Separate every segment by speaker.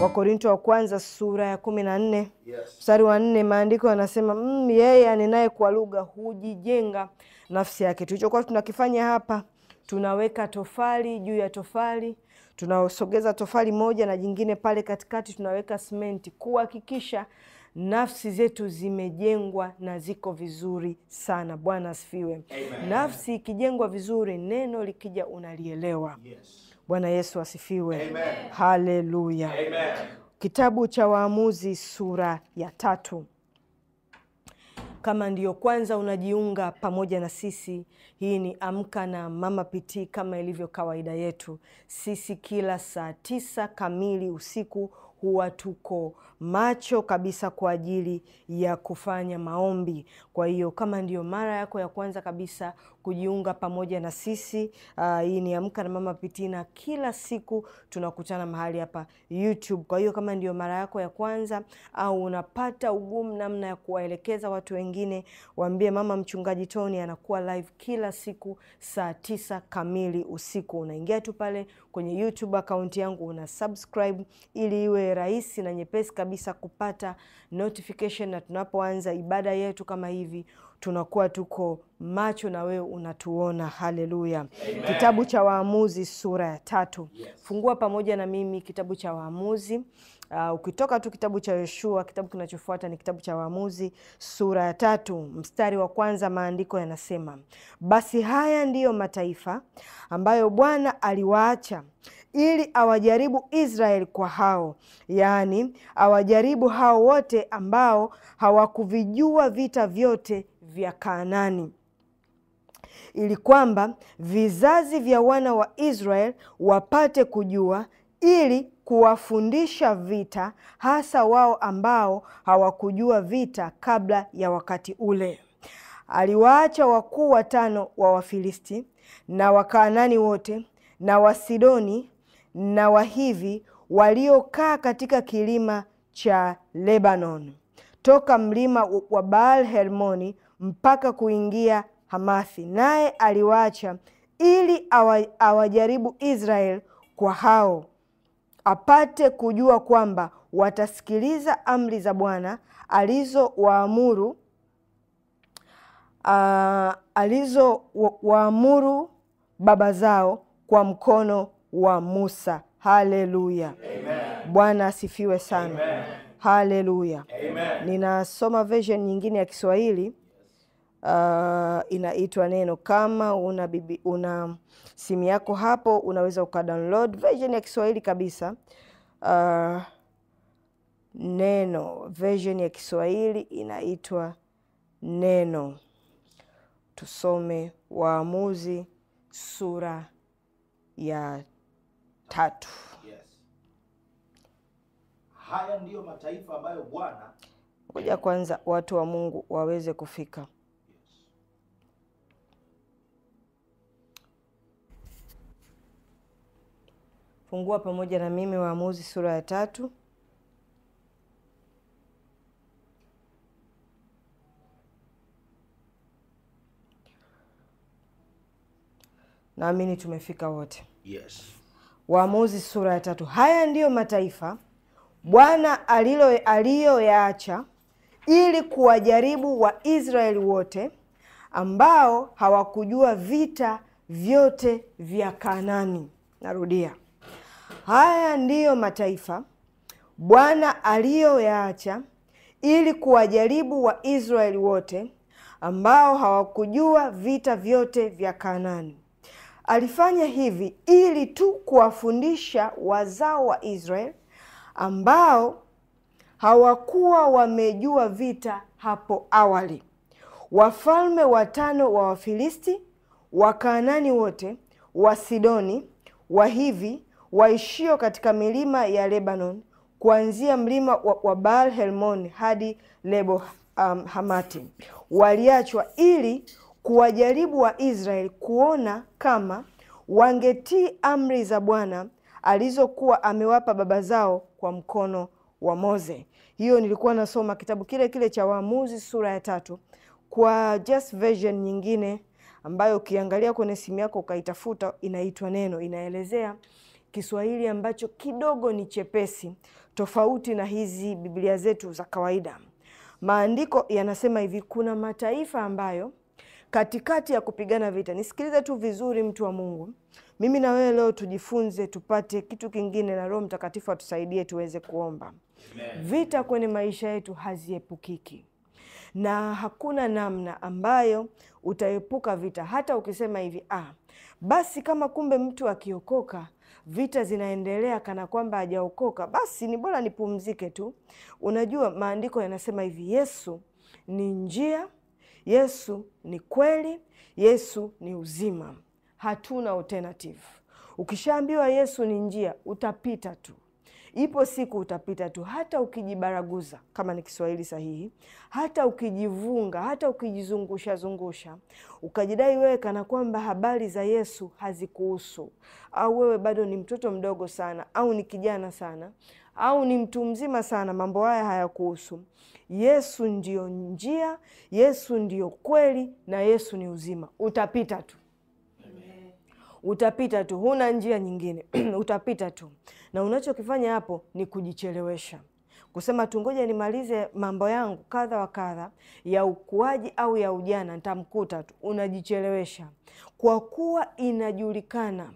Speaker 1: Wakorinto wa kwanza sura ya kumi na nne mstari wa nne maandiko yanasema mm, yeye anenaye kwa lugha hujijenga nafsi yake. Tulichokuwa tunakifanya hapa, tunaweka tofali juu ya tofali, tunasogeza tofali moja na jingine pale katikati, tunaweka simenti kuhakikisha nafsi zetu zimejengwa na ziko vizuri sana. Bwana asifiwe. Nafsi ikijengwa vizuri, neno likija unalielewa. Yes. Bwana Yesu asifiwe. Amen. Haleluya. Amen. Kitabu cha Waamuzi sura ya tatu. Kama ndiyo kwanza unajiunga pamoja na sisi, hii ni Amka na Mama Pitii. Kama ilivyo kawaida yetu, sisi kila saa tisa kamili usiku huwa tuko macho kabisa kwa ajili ya kufanya maombi. Kwa hiyo kama ndiyo mara yako ya kwanza kabisa kujiunga pamoja na sisi. Uh, hii ni Amka na Mama Pitina, kila siku tunakutana mahali hapa YouTube. Kwa hiyo kama ndio mara yako ya kwanza au unapata ugumu namna ya kuwaelekeza watu wengine, waambie mama mchungaji Tony anakuwa live kila siku saa tisa kamili usiku. Unaingia tu pale kwenye YouTube akaunti yangu una subscribe, ili iwe rahisi na nyepesi kabisa kupata notification na tunapoanza ibada yetu kama hivi tunakuwa tuko macho na wewe unatuona. Haleluya! Kitabu cha Waamuzi sura ya tatu. Yes. Fungua pamoja na mimi kitabu cha Waamuzi. Uh, ukitoka tu kitabu cha Yoshua, kitabu kinachofuata ni kitabu cha Waamuzi sura ya tatu mstari wa kwanza. Maandiko yanasema, basi haya ndiyo mataifa ambayo Bwana aliwaacha ili awajaribu Israeli kwa hao, yaani awajaribu hao wote ambao hawakuvijua vita vyote vya Kanaani ili kwamba vizazi vya wana wa Israeli wapate kujua ili kuwafundisha vita, hasa wao ambao hawakujua vita kabla ya wakati ule. Aliwaacha wakuu watano wa Wafilisti na Wakaanani wote na Wasidoni na Wahivi waliokaa katika kilima cha Lebanon toka mlima wa Baal Hermoni mpaka kuingia Hamathi, naye aliwaacha ili awajaribu Israel kwa hao, apate kujua kwamba watasikiliza amri za Bwana alizowaamuru uh, alizowaamuru baba zao kwa mkono wa Musa. Haleluya, Bwana asifiwe sana. Haleluya, ninasoma version nyingine ya Kiswahili uh, inaitwa neno. Kama una, bibi, una simu yako hapo, unaweza ukadownload version ya Kiswahili kabisa uh, neno version ya Kiswahili inaitwa Neno. Tusome Waamuzi sura ya tatu. Yes. Haya ndiyo mataifa ambayo Bwana. Ngoja kwanza watu wa Mungu waweze kufika Fungua pamoja na mimi Waamuzi sura ya tatu naamini tumefika wote. Yes. Waamuzi sura ya tatu. Haya ndiyo mataifa Bwana aliyoyaacha ili kuwajaribu Waisraeli wote ambao hawakujua vita vyote vya Kanaani. Narudia, Haya ndiyo mataifa Bwana aliyoyaacha ili kuwajaribu Waisraeli wote ambao hawakujua vita vyote vya Kanaani. Alifanya hivi ili tu kuwafundisha wazao wa Israeli ambao hawakuwa wamejua vita hapo awali. Wafalme watano wa Wafilisti, Wakanaani wote, Wasidoni, Wahivi, waishio katika milima ya Lebanon kuanzia mlima wa, wa Baal Hermon hadi Lebo um, Hamati waliachwa ili kuwajaribu wa israel kuona kama wangetii amri za Bwana alizokuwa amewapa baba zao kwa mkono wa Mose. Hiyo nilikuwa nasoma kitabu kile kile cha Waamuzi sura ya tatu kwa just version nyingine ambayo ukiangalia kwenye simu yako ukaitafuta, inaitwa Neno, inaelezea Kiswahili ambacho kidogo ni chepesi tofauti na hizi Biblia zetu za kawaida. Maandiko yanasema hivi, kuna mataifa ambayo katikati ya kupigana vita, nisikilize tu vizuri, mtu wa Mungu, mimi na wewe leo tujifunze, tupate kitu kingine, na Roho Mtakatifu atusaidie tuweze kuomba. Amen. Vita kwenye maisha yetu haziepukiki na hakuna namna ambayo utaepuka vita, hata ukisema hivi ah, basi kama kumbe mtu akiokoka vita zinaendelea kana kwamba hajaokoka, basi ni bora nipumzike tu. Unajua, maandiko yanasema hivi, Yesu ni njia, Yesu ni kweli, Yesu ni uzima. Hatuna alternative. Ukishaambiwa Yesu ni njia, utapita tu. Ipo siku utapita tu, hata ukijibaraguza, kama ni Kiswahili sahihi, hata ukijivunga, hata ukijizungusha zungusha, ukajidai wewe kana kwamba habari za Yesu hazikuhusu, au wewe bado ni mtoto mdogo sana, au ni kijana sana, au ni mtu mzima sana, mambo haya hayakuhusu. Yesu ndiyo njia, Yesu ndiyo kweli, na Yesu ni uzima. Utapita tu utapita tu, huna njia nyingine utapita tu, na unachokifanya hapo ni kujichelewesha kusema tu ngoja nimalize mambo yangu kadha wa kadha ya ukuaji au ya ujana, nitamkuta tu. Unajichelewesha kwa kuwa inajulikana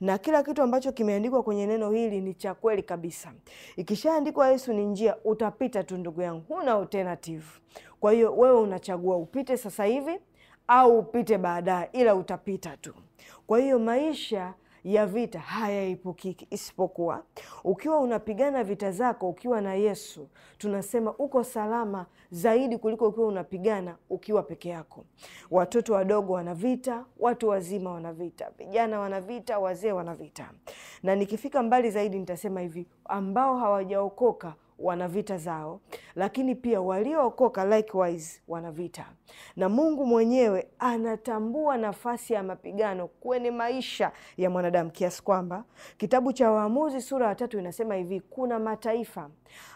Speaker 1: na kila kitu ambacho kimeandikwa kwenye neno hili ni cha kweli kabisa. Ikishaandikwa Yesu ni njia, utapita tu ndugu yangu, huna alternative. Kwa hiyo wewe unachagua upite sasa hivi au upite baadaye, ila utapita tu. Kwa hiyo maisha ya vita hayaepukiki, isipokuwa ukiwa unapigana vita zako ukiwa na Yesu, tunasema uko salama zaidi kuliko ukiwa unapigana ukiwa peke yako. Watoto wadogo wana vita, watu wazima wana vita, vijana wana vita, wazee wana vita. Na nikifika mbali zaidi nitasema hivi, ambao hawajaokoka wana vita zao, lakini pia waliookoka likewise wana vita, na Mungu mwenyewe anatambua nafasi ya mapigano kwenye maisha ya mwanadamu, kiasi kwamba kitabu cha Waamuzi sura ya tatu inasema hivi, kuna mataifa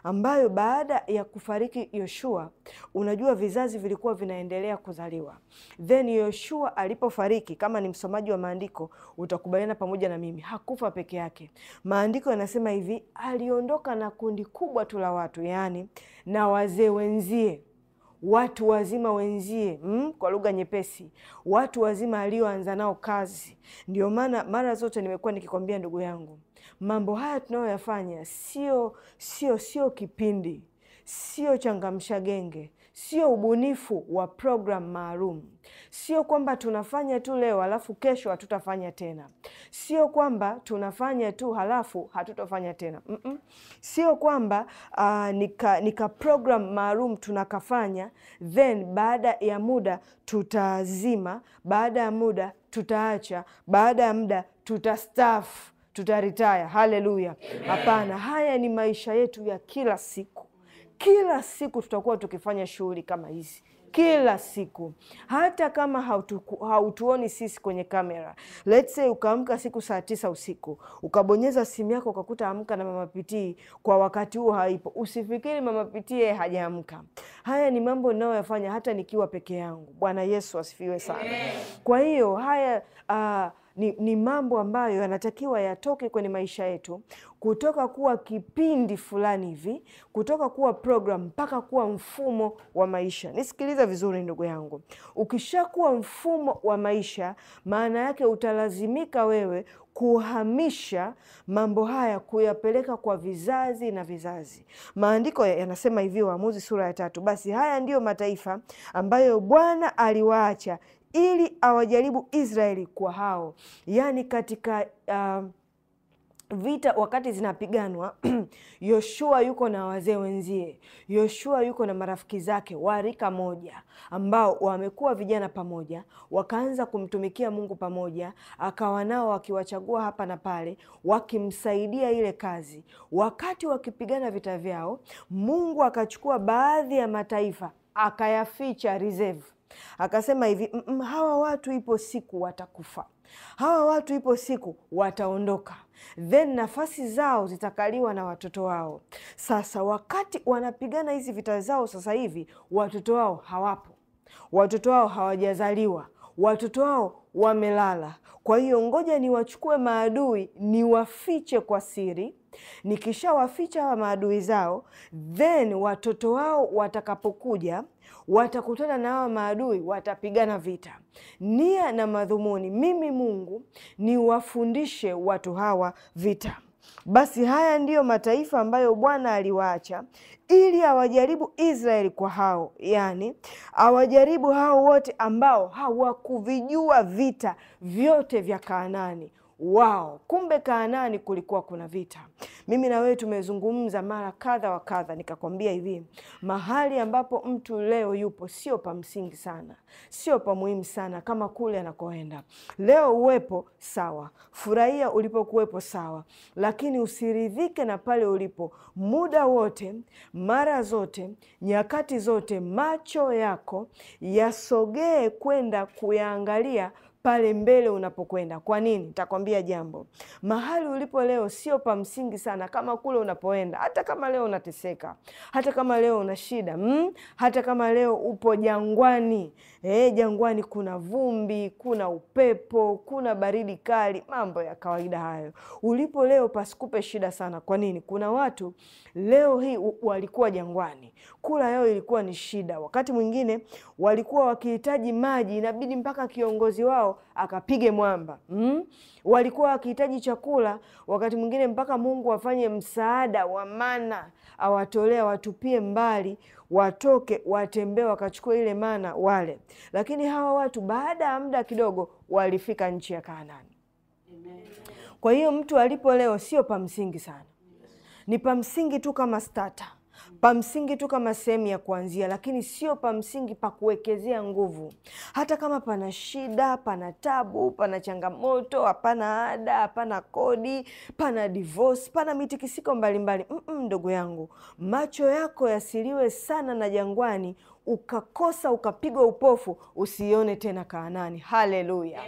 Speaker 1: ambayo baada ya kufariki Yoshua, unajua vizazi vilikuwa vinaendelea kuzaliwa. Then Yoshua alipofariki, kama ni msomaji wa maandiko utakubaliana pamoja na mimi, hakufa peke yake. Maandiko yanasema hivi, aliondoka na kundi kubwa tu la watu, yaani na wazee wenzie watu wazima wenzie mm, kwa lugha nyepesi, watu wazima alioanza nao kazi. Ndio maana mara zote nimekuwa nikikwambia ndugu yangu, mambo haya tunayoyafanya sio sio sio kipindi, sio changamsha genge, sio ubunifu wa program maalum, sio kwamba tunafanya tu leo halafu kesho hatutafanya tena, sio kwamba tunafanya tu halafu hatutafanya tena mm -mm. Sio kwamba uh, nika, nika program maalum tunakafanya then baada ya muda tutazima baada ya muda tutaacha, baada ya muda tutastafu tutaritaya. Haleluya! Hapana, haya ni maisha yetu ya kila siku. Kila siku tutakuwa tukifanya shughuli kama hizi kila siku, hata kama hautu, hautuoni sisi kwenye kamera. Let's say ukaamka siku saa tisa usiku ukabonyeza simu yako ukakuta amka na mama pitii kwa wakati huo haipo, usifikiri mama pitii yeye hajaamka. Haya ni mambo ninayoyafanya hata nikiwa peke yangu. Bwana Yesu asifiwe sana. Kwa hiyo haya uh, ni, ni mambo ambayo yanatakiwa yatoke kwenye maisha yetu kutoka kuwa kipindi fulani hivi, kutoka kuwa program mpaka kuwa mfumo wa maisha. Nisikiliza vizuri ndugu yangu, ukishakuwa mfumo wa maisha, maana yake utalazimika wewe kuhamisha mambo haya kuyapeleka kwa vizazi na vizazi. Maandiko yanasema hivi, Waamuzi sura ya tatu, basi haya ndiyo mataifa ambayo Bwana aliwaacha ili awajaribu Israeli kwa hao, yaani katika uh, vita wakati zinapiganwa Yoshua yuko na wazee wenzie, Yoshua yuko na marafiki zake wa rika moja ambao wamekuwa vijana pamoja, wakaanza kumtumikia Mungu pamoja, akawa nao wakiwachagua hapa na pale, wakimsaidia ile kazi. Wakati wakipigana vita vyao, Mungu akachukua baadhi ya mataifa akayaficha reserve akasema hivi mm -mm, hawa watu ipo siku watakufa, hawa watu ipo siku wataondoka, then nafasi zao zitakaliwa na watoto wao. Sasa wakati wanapigana hizi vita zao sasa hivi, watoto wao hawapo, watoto wao hawajazaliwa, watoto wao wamelala. Kwa hiyo ngoja niwachukue maadui, niwafiche kwa siri nikishawaficha hawa maadui zao, then watoto wao watakapokuja watakutana na hawa maadui, watapigana vita. Nia na madhumuni, mimi Mungu niwafundishe watu hawa vita. Basi haya ndiyo mataifa ambayo Bwana aliwaacha ili awajaribu Israeli kwa hao, yani awajaribu hao wote ambao hawakuvijua vita vyote vya Kaanani wao. Kumbe Kaanani kulikuwa kuna vita. Mimi na wewe tumezungumza mara kadha wa kadha, nikakwambia hivi, mahali ambapo mtu leo yupo sio pa msingi sana, sio pa muhimu sana kama kule anakoenda. Leo uwepo sawa, furahia ulipokuwepo sawa, lakini usiridhike na pale ulipo muda wote, mara zote, nyakati zote, macho yako yasogee kwenda kuyaangalia pale mbele unapokwenda. Kwa nini? Nitakwambia jambo. Mahali ulipo leo sio pa msingi sana kama kule unapoenda, hata kama leo unateseka, hata kama leo una shida mm, hata kama leo upo jangwani E, jangwani kuna vumbi, kuna upepo, kuna baridi kali, mambo ya kawaida hayo. Ulipo leo pasikupe shida sana. Kwa nini? Kuna watu leo hii walikuwa jangwani, kula yao ilikuwa ni shida. Wakati mwingine walikuwa wakihitaji maji, inabidi mpaka kiongozi wao akapige mwamba mm? walikuwa wakihitaji chakula, wakati mwingine mpaka Mungu afanye msaada wa mana awatolee, awatupie mbali, watoke watembee, wakachukua ile mana wale. Lakini hawa watu baada ya muda kidogo walifika nchi ya Kanaani. Kwa hiyo mtu alipo leo sio pa msingi sana, ni pa msingi tu kama starter pa msingi tu kama sehemu ya kuanzia, lakini sio msingi pa kuwekezea nguvu. Hata kama pana shida, pana tabu, pana changamoto, hapana ada, hapana kodi, pana divorce, pana mitikisiko mbalimbali, ndugu mm -mm, yangu, macho yako yasiliwe sana na jangwani ukakosa ukapigwa upofu, usione tena Kaanani. Haleluya!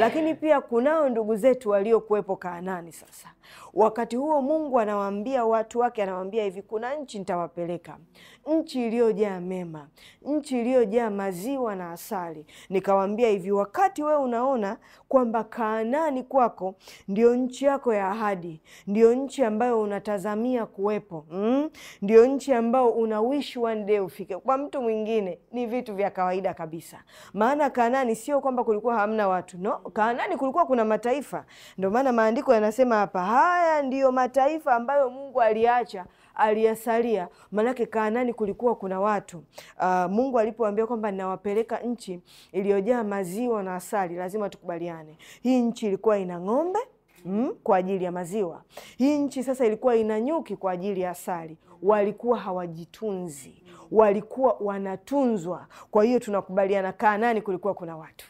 Speaker 1: Lakini pia kunao ndugu zetu waliokuwepo Kaanani. Sasa wakati huo Mungu anawaambia watu wake, anawaambia hivi, kuna nchi nitawapeleka, nchi iliyojaa mema, nchi iliyojaa maziwa na asali. Nikawaambia hivi, wakati wewe unaona kwamba Kaanani kwako ndio nchi yako ya ahadi, ndio nchi ambayo unatazamia kuwepo mm, ndio nchi ambayo una wish one day ufike kwa mtu mwingine nyingine ni vitu vya kawaida kabisa. Maana kanani sio kwamba kulikuwa hamna watu, no. Kanani kulikuwa kuna mataifa, ndio maana maandiko yanasema hapa, haya ndiyo mataifa ambayo Mungu aliacha aliyasalia manake, kanani kulikuwa kuna watu uh, Mungu alipoambia kwamba nawapeleka nchi iliyojaa maziwa na asali, lazima tukubaliane, hii nchi ilikuwa ina ng'ombe mm, kwa ajili ya maziwa. Hii nchi sasa ilikuwa ina nyuki kwa ajili ya asali, walikuwa hawajitunzi, walikuwa wanatunzwa. Kwa hiyo tunakubaliana, Kanaani kulikuwa kuna watu.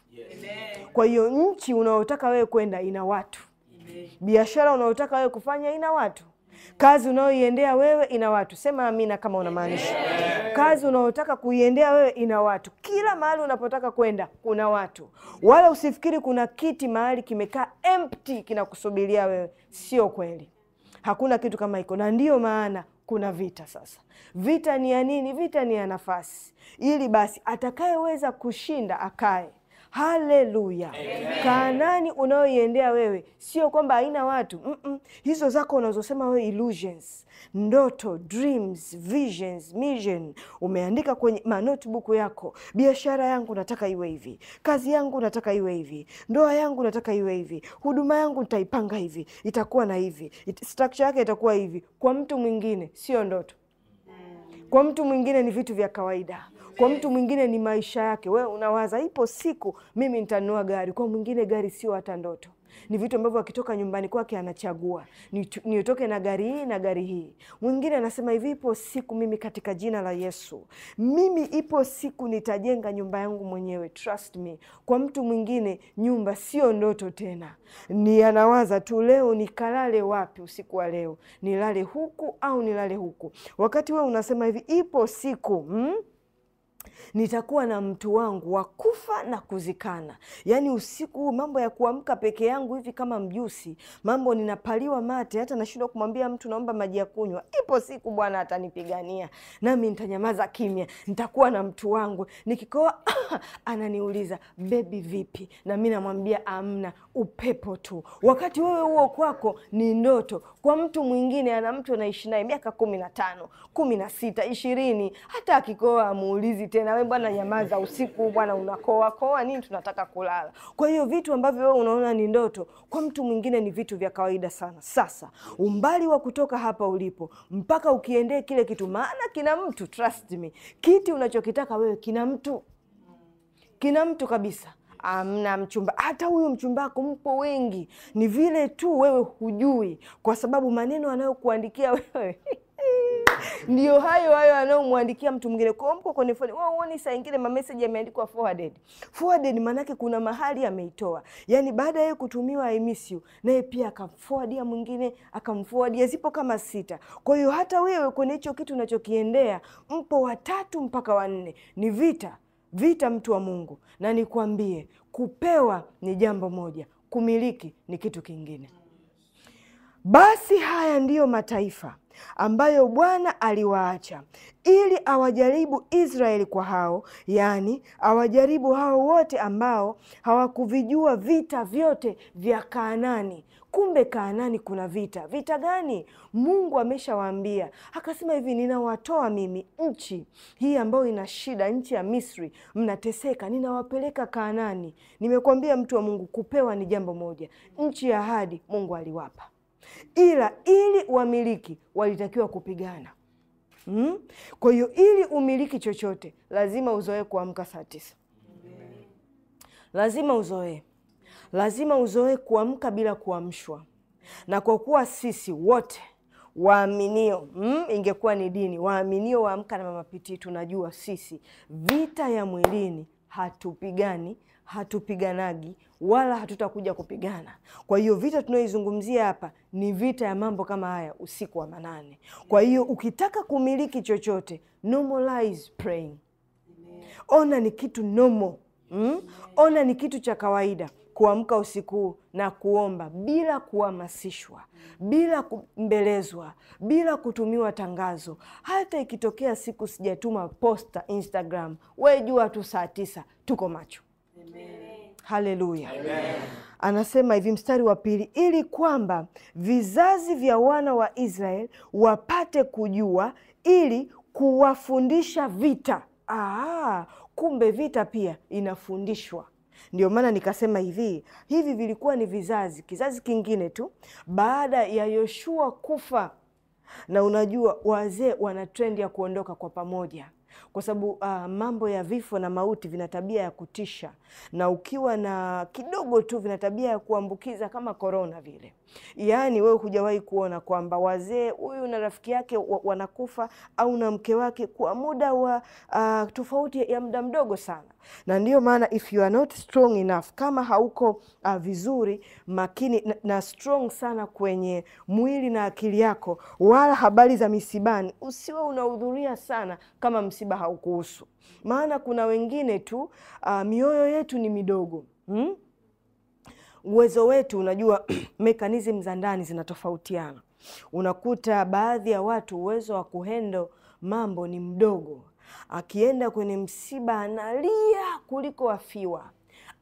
Speaker 1: Kwa hiyo nchi unayotaka wewe kwenda ina watu, biashara unayotaka wewe kufanya ina watu Kazi unayoiendea wewe ina watu. Sema amina kama unamaanisha. Kazi unayotaka kuiendea wewe ina watu. Kila mahali unapotaka kwenda kuna watu, wala usifikiri kuna kiti mahali kimekaa empty kinakusubiria wewe. Sio kweli, hakuna kitu kama hiko, na ndiyo maana kuna vita sasa. Vita ni ya nini? Vita ni ya nafasi, ili basi atakayeweza kushinda akae Haleluya! kaanani unayoiendea wewe sio kwamba haina watu mm -mm. Hizo zako unazosema wewe illusions, ndoto, dreams, visions, mission umeandika kwenye manotbuku yako, biashara yangu nataka iwe hivi, kazi yangu nataka iwe hivi, ndoa yangu nataka iwe hivi, huduma yangu nitaipanga hivi, itakuwa na hivi, structure yake itakuwa hivi. Kwa mtu mwingine sio ndoto, kwa mtu mwingine ni vitu vya kawaida kwa mtu mwingine ni maisha yake. Wewe unawaza ipo siku mimi nitanunua gari, kwa mwingine gari sio hata ndoto ni vitu ambavyo akitoka nyumbani kwake anachagua nitoke na gari hii na gari hii. Mwingine anasema hivi, ipo siku mimi, katika jina la Yesu, mimi ipo siku nitajenga nyumba yangu mwenyewe, trust me. Kwa mtu mwingine nyumba sio ndoto tena, ni anawaza tu, leo nikalale wapi usiku wa leo, nilale huku au nilale huku, wakati wewe unasema hivi, ipo siku mm? nitakuwa na mtu wangu wa kufa na kuzikana. Yaani usiku huu mambo ya kuamka peke yangu hivi kama mjusi, mambo ninapaliwa mate, hata nashindwa kumwambia mtu naomba maji ya kunywa. Ipo siku Bwana atanipigania nami nitanyamaza kimya, nitakuwa na mtu wangu. Nikikoa ananiuliza bebi, vipi? Na mi namwambia amna, upepo tu. Wakati wewe huo kwako ni ndoto, kwa mtu mwingine ana mtu anaishi naye miaka kumi na tano, kumi na sita, ishirini, hata akikoa amuulizi tena, wewe bwana nyamaza, usiku bwana unakoa koa nini, tunataka kulala. Kwa hiyo vitu ambavyo wewe unaona ni ndoto, kwa mtu mwingine ni vitu vya kawaida sana. Sasa umbali wa kutoka hapa ulipo mpaka ukiendee kile kitu, maana kina mtu, trust me, kiti unachokitaka wewe kina mtu, kina mtu kabisa amna mchumba, hata huyu mchumba wako mpo wengi, ni vile tu wewe hujui, kwa sababu maneno anayokuandikia wewe ndio hayo hayo anaomwandikia mtu mwingine. Kwa mko kwenye phone, wao uone saa nyingine ma message yameandikwa forwarded. Forwarded maana yake kuna mahali ameitoa. Ya yaani baada ya kutumiwa I miss you, naye pia akamforwardia mwingine, akamforwardia zipo kama sita. Kwa hiyo hata wewe kwenye hicho kitu unachokiendea, mpo watatu mpaka wanne. Ni vita, vita mtu wa Mungu. Na nikwambie, kupewa ni jambo moja, kumiliki ni kitu kingine. Basi haya ndiyo mataifa ambayo Bwana aliwaacha ili awajaribu Israeli kwa hao, yaani awajaribu hao wote ambao hawakuvijua vita vyote vya Kaanani. Kumbe Kaanani kuna vita. Vita gani? Mungu ameshawaambia akasema hivi, ninawatoa mimi nchi hii ambayo ina shida, nchi ya Misri, mnateseka, ninawapeleka Kaanani. Nimekuambia mtu wa Mungu, kupewa ni jambo moja, nchi ya ahadi Mungu aliwapa ila ili wamiliki walitakiwa kupigana hmm? Kwa hiyo ili umiliki chochote lazima uzoee kuamka saa tisa. Lazima uzoee, lazima uzoee kuamka bila kuamshwa, na kwa kuwa sisi wote waaminio mm, ingekuwa ni dini waaminio waamka na mamapiti, tunajua sisi vita ya mwilini hatupigani hatupiganagi wala hatutakuja kupigana. Kwa hiyo vita tunayoizungumzia hapa ni vita ya mambo kama haya usiku wa manane. Kwa hiyo ukitaka kumiliki chochote, normalize praying. Ona ni kitu normal mm? Ona ni kitu cha kawaida kuamka usiku na kuomba bila kuhamasishwa, bila kumbelezwa, bila kutumiwa tangazo. Hata ikitokea siku sijatuma posta Instagram, wejua tu saa tisa tuko macho. Haleluya, anasema hivi mstari wa pili, ili kwamba vizazi vya wana wa Israeli wapate kujua, ili kuwafundisha vita. Aa, kumbe vita pia inafundishwa. Ndio maana nikasema hivi, hivi vilikuwa ni vizazi, kizazi kingine tu baada ya Yoshua kufa. Na unajua wazee wana trendi ya kuondoka kwa pamoja kwa sababu uh, mambo ya vifo na mauti vina tabia ya kutisha, na ukiwa na kidogo tu vina tabia ya kuambukiza kama korona vile. Yaani wewe hujawahi kuona kwamba wazee huyu na rafiki yake wanakufa au na mke wake kwa muda wa uh, tofauti ya muda mdogo sana. Na ndiyo maana if you are not strong enough, kama hauko uh, vizuri makini na, na strong sana kwenye mwili na akili yako, wala habari za misibani usiwe unahudhuria sana kama msiba haukuhusu, maana kuna wengine tu uh, mioyo yetu ni midogo hmm? uwezo wetu, unajua mekanizmu za ndani zinatofautiana. Unakuta baadhi ya watu uwezo wa kuhendo mambo ni mdogo, akienda kwenye msiba analia kuliko afiwa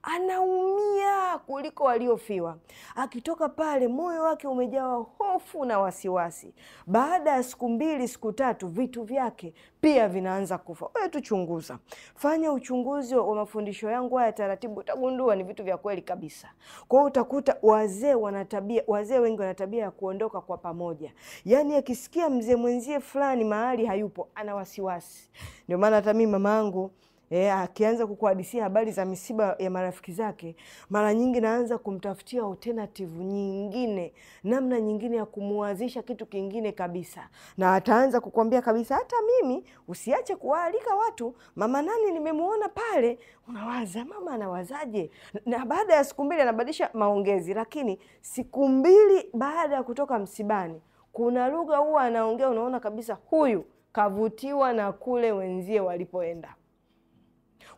Speaker 1: anaumia kuliko waliofiwa. Akitoka pale, moyo wake umejawa hofu na wasiwasi. Baada ya siku mbili, siku tatu, vitu vyake pia vinaanza kufa. Wewe tuchunguza, fanya uchunguzi wa mafundisho yangu haya taratibu, utagundua ni vitu vya kweli kabisa. Kwa hiyo utakuta wazee wana tabia, wazee wengi wana tabia ya kuondoka kwa pamoja. Yaani akisikia mzee mwenzie fulani mahali hayupo, ana wasiwasi. Ndio maana hata mimi yangu E, akianza kukuhadisia habari za misiba ya marafiki zake, mara nyingi naanza kumtafutia alternative nyingine, namna nyingine ya kumuwazisha kitu kingine kabisa, na ataanza kukuambia kabisa, hata mimi usiache kuwaalika watu, mama nani nimemuona pale. Unawaza mama anawazaje? Na baada ya siku mbili anabadilisha maongezi, lakini siku mbili baada ya kutoka msibani, kuna lugha huwa anaongea, unaona kabisa huyu kavutiwa na kule wenzie walipoenda.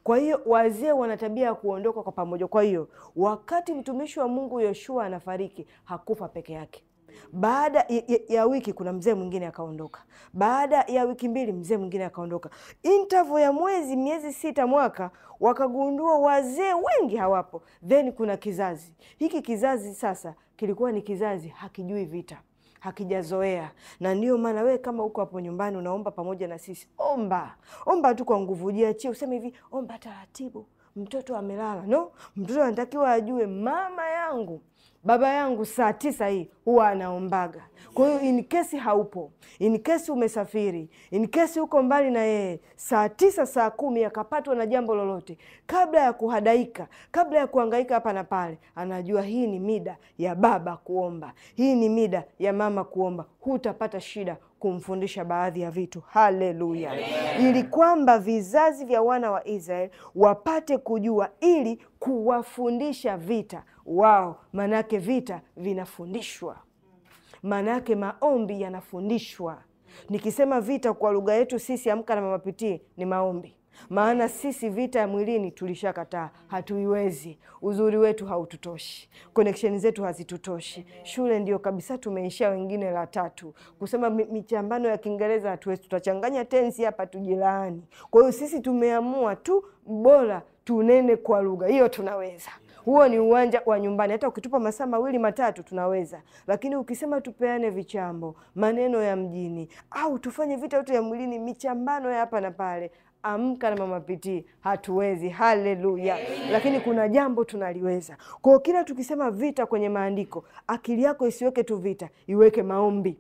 Speaker 1: Kwa hiyo wazee wana tabia ya kuondoka kwa pamoja. Kwa hiyo wakati mtumishi wa Mungu Yoshua anafariki hakufa peke yake. Baada ya, ya, ya wiki kuna mzee mwingine akaondoka. Baada ya wiki mbili mzee mwingine akaondoka. Interval ya mwezi, miezi sita, mwaka, wakagundua wazee wengi hawapo, then kuna kizazi hiki. Kizazi sasa kilikuwa ni kizazi hakijui vita hakijazoea, na ndiyo maana wewe kama uko hapo nyumbani unaomba pamoja na sisi, omba omba tu kwa nguvu, jiachie, useme hivi, omba taratibu. Mtoto amelala, no, mtoto anatakiwa ajue mama yangu baba yangu saa tisa hii huwa anaombaga. Kwa hiyo in case haupo, in case umesafiri, in case uko mbali na yeye, saa tisa saa kumi akapatwa na jambo lolote, kabla ya kuhadaika, kabla ya kuhangaika hapa na pale, anajua hii ni mida ya baba kuomba, hii ni mida ya mama kuomba. Hutapata shida kumfundisha baadhi ya vitu. Haleluya! Ili kwamba vizazi vya wana wa Israeli wapate kujua, ili kuwafundisha vita wao. Maanake vita vinafundishwa, maanake maombi yanafundishwa. Nikisema vita kwa lugha yetu sisi Amka na mamapitii, ni maombi, maana sisi vita ya mwilini tulishakataa, hatuiwezi. Uzuri wetu haututoshi, connection zetu hazitutoshi, shule ndio kabisa tumeishia, wengine la tatu kusema michambano ya Kiingereza hatuwezi, tutachanganya tensi hapa tujilaani. Kwa hiyo sisi tumeamua tu bora tunene kwa lugha hiyo tunaweza huo ni uwanja wa nyumbani, hata ukitupa masaa mawili matatu tunaweza, lakini ukisema tupeane vichambo, maneno ya mjini au tufanye vita yote ya mwilini, michambano ya hapa na pale Amka na mama piti, hatuwezi. Haleluya! Lakini kuna jambo tunaliweza. Kwa hiyo kila tukisema vita kwenye maandiko, akili yako isiweke tu vita, iweke maombi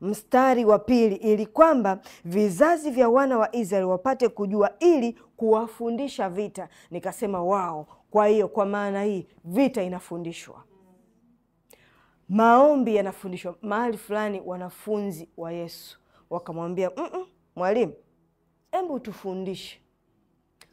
Speaker 1: mstari wa pili ili kwamba vizazi vya wana wa Israeli wapate kujua ili kuwafundisha vita. Nikasema wao, kwa hiyo kwa maana hii vita inafundishwa, maombi yanafundishwa. Mahali fulani wanafunzi wa Yesu wakamwambia mm -mm, mwalimu, hebu tufundishe,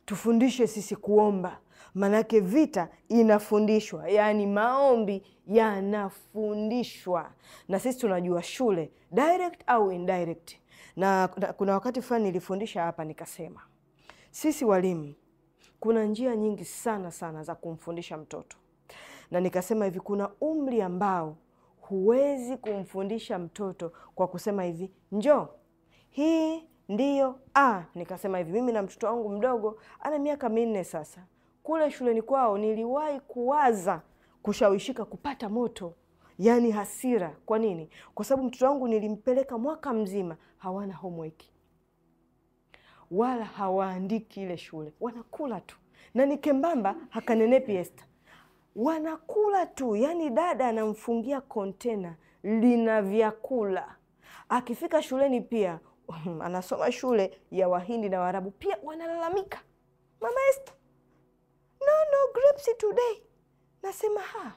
Speaker 1: tufundishe sisi kuomba Manake vita inafundishwa, yaani maombi yanafundishwa, na sisi tunajua shule direct au indirect. Na kuna wakati fulani nilifundisha hapa nikasema, sisi walimu kuna njia nyingi sana sana za kumfundisha mtoto, na nikasema hivi, kuna umri ambao huwezi kumfundisha mtoto kwa kusema hivi, njoo hii ndiyo ah. Nikasema hivi, mimi na mtoto wangu mdogo ana miaka minne sasa kule shuleni kwao niliwahi kuwaza kushawishika kupata moto, yaani hasira. Kwa nini? Kwa sababu mtoto wangu nilimpeleka mwaka mzima, hawana homework wala hawaandiki ile shule, wanakula tu, na ni kembamba, hakanenepi Esta, wanakula tu. Yaani dada anamfungia kontena lina vyakula, akifika shuleni pia anasoma shule ya Wahindi na Waarabu, pia wanalalamika mama Esta no no grapes today. Nasema ha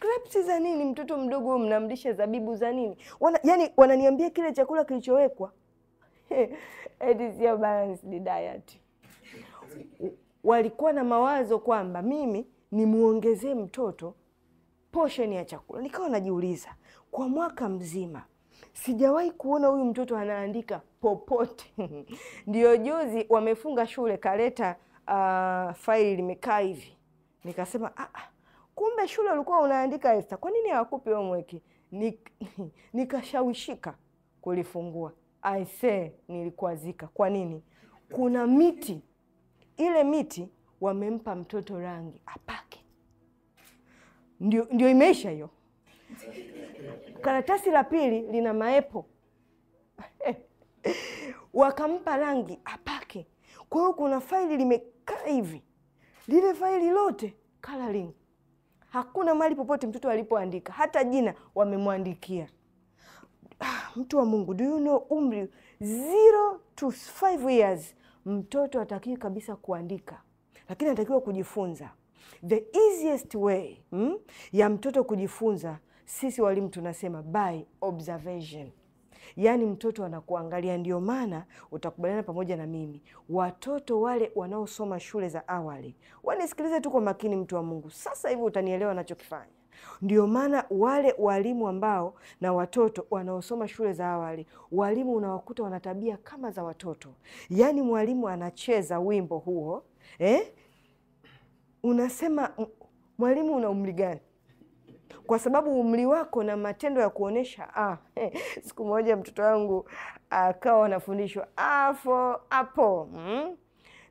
Speaker 1: grapes za nini? Mtoto mdogo huyo mnamlisha zabibu za nini? Wana, yani wananiambia kile chakula kilichowekwa eti sio balanced diet. Walikuwa na mawazo kwamba mimi nimwongezee mtoto portion ya chakula. Nikawa najiuliza kwa mwaka mzima sijawahi kuona huyu mtoto anaandika popote. Ndio juzi wamefunga shule, kaleta uh, faili limekaa hivi, nikasema ah, ah kumbe shule ulikuwa unaandika Esther, kwa nini hawakupi homework? nikashawishika kulifungua. I say nilikwazika. Kwa nini? Kuna miti ile miti wamempa mtoto rangi apake, ndio, ndio imeisha hiyo. Karatasi la pili lina maepo wakampa rangi apake. Kwa hiyo kuna faili limekaa kaa hivi, lile faili lote coloring, hakuna mali popote mtoto alipoandika hata jina wamemwandikia. Ah, mtu wa Mungu, do you know, umri 0 to 5 years mtoto atakiwi kabisa kuandika, lakini anatakiwa kujifunza. The easiest way hmm, ya mtoto kujifunza, sisi walimu tunasema by observation yaani mtoto anakuangalia. Ndio maana utakubaliana pamoja na mimi, watoto wale wanaosoma shule za awali, wanisikilize tu kwa makini, mtu wa Mungu. Sasa hivi utanielewa nachokifanya. Ndio maana wale walimu ambao na watoto wanaosoma shule za awali, walimu unawakuta wana tabia kama za watoto, yaani mwalimu anacheza wimbo huo eh? Unasema mwalimu una umri gani? kwa sababu umri wako na matendo ya kuonesha ah. Eh, siku moja mtoto wangu akawa anafundishwa afo apo hmm?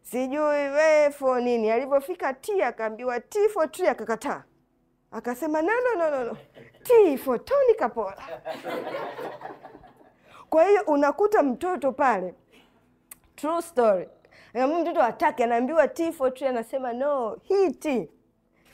Speaker 1: sijui wefo nini. Alivyofika t akaambiwa t for tree, akakataa akasema no, no, no, no. t for Tony Kapola. Kwa hiyo unakuta mtoto pale, true story, mtoto atake anaambiwa t for tree, anasema no, hii t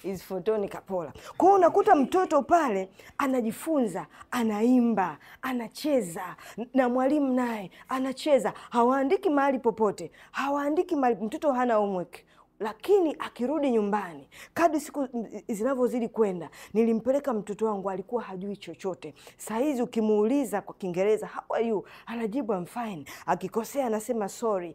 Speaker 1: is Fotoni Kapola. Kwa hiyo unakuta mtoto pale anajifunza, anaimba, anacheza na mwalimu naye anacheza, hawaandiki mahali popote, hawaandiki mahali, mtoto hana homework lakini akirudi nyumbani, kadri siku zinavyozidi kwenda, nilimpeleka mtoto wangu, alikuwa hajui chochote. Sahizi ukimuuliza kwa Kiingereza how are you, anajibu I'm fine. Akikosea anasema sorry,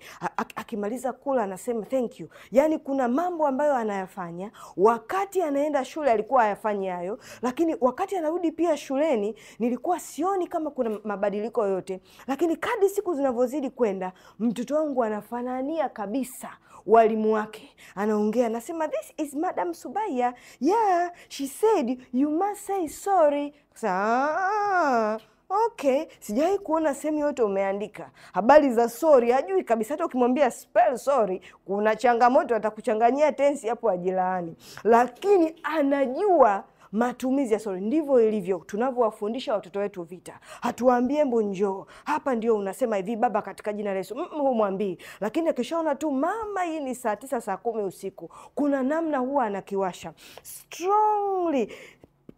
Speaker 1: akimaliza kula anasema thank you. Yani kuna mambo ambayo anayafanya wakati anaenda shule, alikuwa hayafanyi hayo, lakini wakati anarudi pia shuleni, nilikuwa sioni kama kuna mabadiliko yoyote, lakini kadri siku zinavyozidi kwenda, mtoto wangu anafanania kabisa walimu wake, anaongea anasema, this is Madam Subaya, yeah she said you must say sorry. Sa ah, Okay, sijawahi kuona sehemu yote umeandika habari za sori. Hajui kabisa, hata ukimwambia spell sori, kuna changamoto, atakuchanganyia tensi hapo ajilaani, lakini anajua matumizi ya sori. Ndivyo ilivyo tunavyowafundisha watoto wetu vita. hatuambie mbu njoo hapa, ndio unasema hivi baba, katika jina la Yesu, mm, mm, humwambii. Lakini akishaona tu mama, hii ni saa tisa saa kumi usiku, kuna namna huwa anakiwasha strongly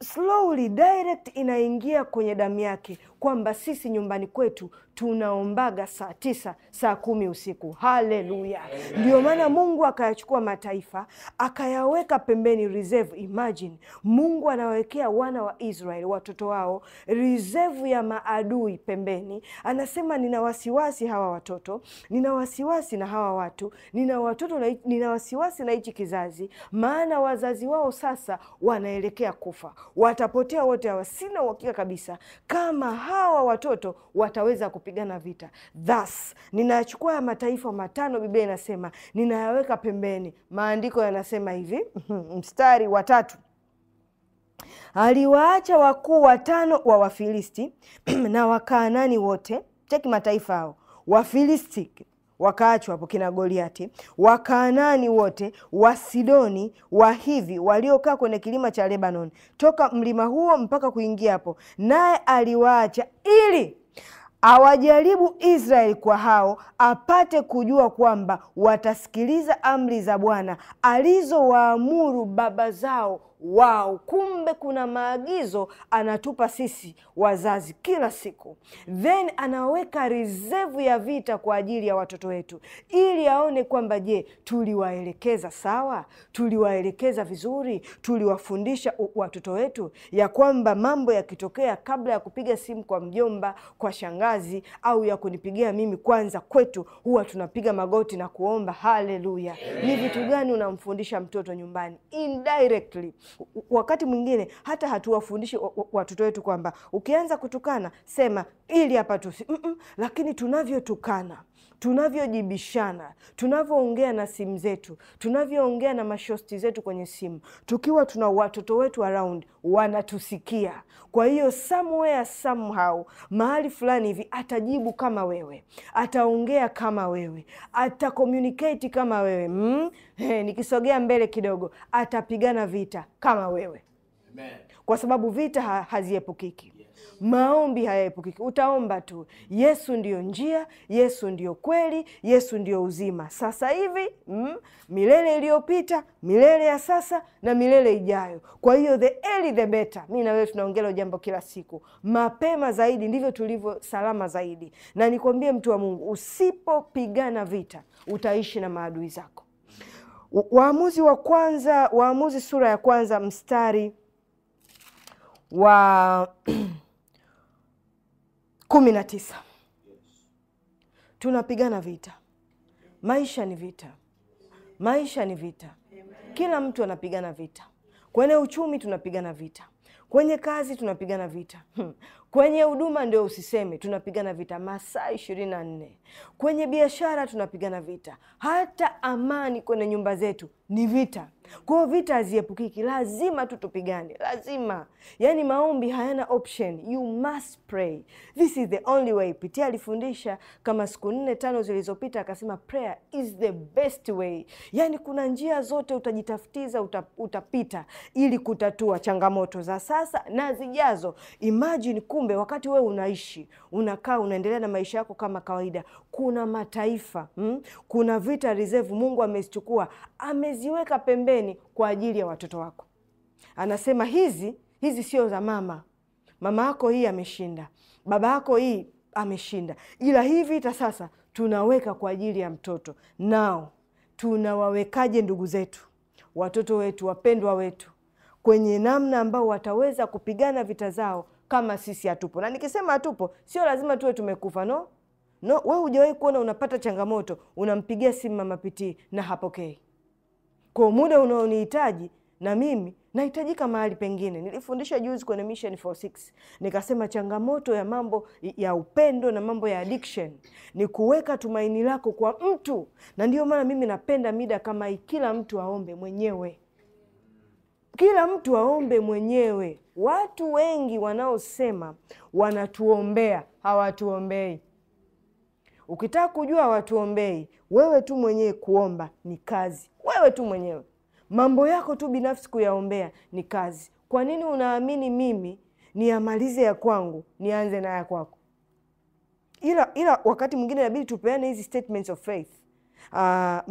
Speaker 1: slowly direct inaingia kwenye damu yake kwamba sisi nyumbani kwetu tunaombaga saa tisa saa kumi usiku. Haleluya! Ndio maana Mungu akayachukua mataifa akayaweka pembeni reserve. Imagine Mungu anawawekea wana wa Israeli watoto wao reserve ya maadui pembeni, anasema nina wasiwasi hawa watoto, nina wasiwasi na hawa watu, nina watoto na, nina wasiwasi na hichi kizazi, maana wazazi wao sasa wanaelekea kufa, watapotea wote hawa, sina uhakika kabisa kama hawa watoto wataweza kupigana vita. Thus, ninayachukua ya mataifa matano, Biblia inasema ninayaweka pembeni. Maandiko yanasema hivi mstari wa tatu aliwaacha wakuu watano wa Wafilisti na Wakaanani wote. Cheki mataifa hao Wafilisti wakaachwa hapo kina Goliati, Wakaanani wote, Wasidoni, Wahivi waliokaa kwenye kilima cha Lebanon, toka mlima huo mpaka kuingia hapo, naye aliwaacha ili awajaribu Israeli kwa hao, apate kujua kwamba watasikiliza amri za Bwana alizowaamuru baba zao wao. Kumbe kuna maagizo anatupa sisi wazazi kila siku, then anaweka rizevu ya vita kwa ajili ya watoto wetu, ili aone kwamba je, tuliwaelekeza sawa? Tuliwaelekeza vizuri? Tuliwafundisha watoto wetu ya kwamba mambo yakitokea, kabla ya kupiga simu kwa mjomba, kwa shangazi au ya kunipigia mimi, kwanza kwetu huwa tunapiga magoti na kuomba haleluya. Ni vitu gani unamfundisha mtoto nyumbani indirectly? wakati mwingine hata hatuwafundishi watoto wetu kwamba ukianza kutukana sema ili hapa tusi mm -mm, lakini tunavyotukana tunavyojibishana, tunavyoongea na simu zetu, tunavyoongea na mashosti zetu kwenye simu, tukiwa tuna watoto wetu around, wanatusikia. Kwa hiyo somewhere somehow, mahali fulani hivi atajibu kama wewe, ataongea kama wewe, atakomunikati kama wewe mm? He, nikisogea mbele kidogo, atapigana vita kama wewe Amen. Kwa sababu vita ha haziepukiki. Maombi hayaepukiki, utaomba tu. Yesu ndiyo njia, Yesu ndiyo kweli, Yesu ndiyo uzima, sasa hivi mm, milele iliyopita, milele ya sasa na milele ijayo. Kwa hiyo the early the better. Mi na wewe tunaongela jambo kila siku, mapema zaidi ndivyo tulivyo salama zaidi. Na nikwambie mtu wa Mungu, usipopigana vita utaishi na maadui zako. Waamuzi wa kwanza, Waamuzi sura ya kwanza mstari wa kumi na tisa tunapigana vita. Maisha ni vita, maisha ni vita. Kila mtu anapigana vita. Kwenye uchumi tunapigana vita, kwenye kazi tunapigana vita, hmm. kwenye huduma ndio usiseme, tunapigana vita masaa ishirini na nne. Kwenye biashara tunapigana vita, hata amani kwenye nyumba zetu ni vita. kwao vita haziepukiki, lazima tu tupigane, lazima. Yaani maombi hayana option, you must pray, this is the only way. Pitia alifundisha kama siku nne tano zilizopita, akasema prayer is the best way. Yaani kuna njia zote utajitafutiza, utapita ili kutatua changamoto za sasa na zijazo. Imagine, kumbe wakati wewe unaishi unakaa unaendelea na maisha yako kama kawaida, kuna mataifa hmm? kuna vita reserve Mungu amezichukua ame umeziweka pembeni kwa ajili ya watoto wako. Anasema hizi hizi sio za mama, mama yako hii ameshinda, baba yako hii ameshinda, ila hii vita sasa tunaweka kwa ajili ya mtoto. Nao tunawawekaje ndugu zetu, watoto wetu, wapendwa wetu, kwenye namna ambao wataweza kupigana vita zao kama sisi hatupo? Na nikisema hatupo, sio lazima tuwe tumekufa, no no. Wewe hujawahi kuona unapata changamoto, unampigia simu mama Pitii na hapokei kwa muda unaonihitaji na mimi nahitajika mahali pengine. Nilifundisha juzi kwenye Mission 46 nikasema, changamoto ya mambo ya upendo na mambo ya addiction ni kuweka tumaini lako kwa mtu, na ndiyo maana mimi napenda mida kama hii, kila mtu aombe mwenyewe, kila mtu aombe mwenyewe. Watu wengi wanaosema wanatuombea hawatuombei. Ukitaka kujua watuombei, wewe tu mwenyewe kuomba ni kazi, wewe tu mwenyewe mambo yako tu binafsi kuyaombea ni kazi. Kwa nini unaamini mimi niyamalize ya kwangu nianze na ya kwako? Ila ila wakati mwingine inabidi tupeane hizi statements of faith, uh,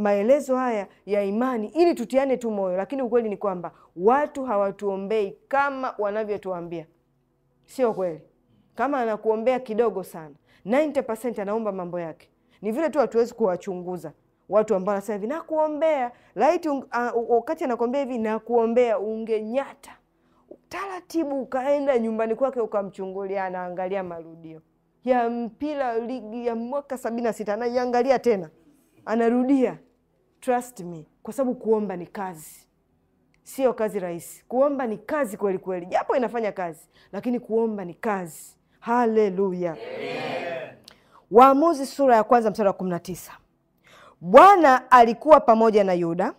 Speaker 1: maelezo haya ya imani ili tutiane tu moyo, lakini ukweli ni kwamba watu hawatuombei kama wanavyotuambia. Sio kweli? Kama anakuombea kidogo sana 90% anaomba mambo yake. Ni vile tu hatuwezi kuwachunguza watu ambao wanasema hivi nakuombea, laiti wakati uh, anakuombea hivi nakuombea, ungenyata taratibu ukaenda nyumbani kwake ukamchungulia, anaangalia marudio ya mpira ligi ya mwaka sabini na sita anaiangalia tena, anarudia. Trust me, kwa sababu kuomba ni kazi, sio kazi rahisi. Kuomba ni kazi kweli kweli, japo inafanya kazi, lakini kuomba ni kazi. Haleluya, amen. Waamuzi sura ya kwanza mstari wa 19. Bwana alikuwa pamoja na Yuda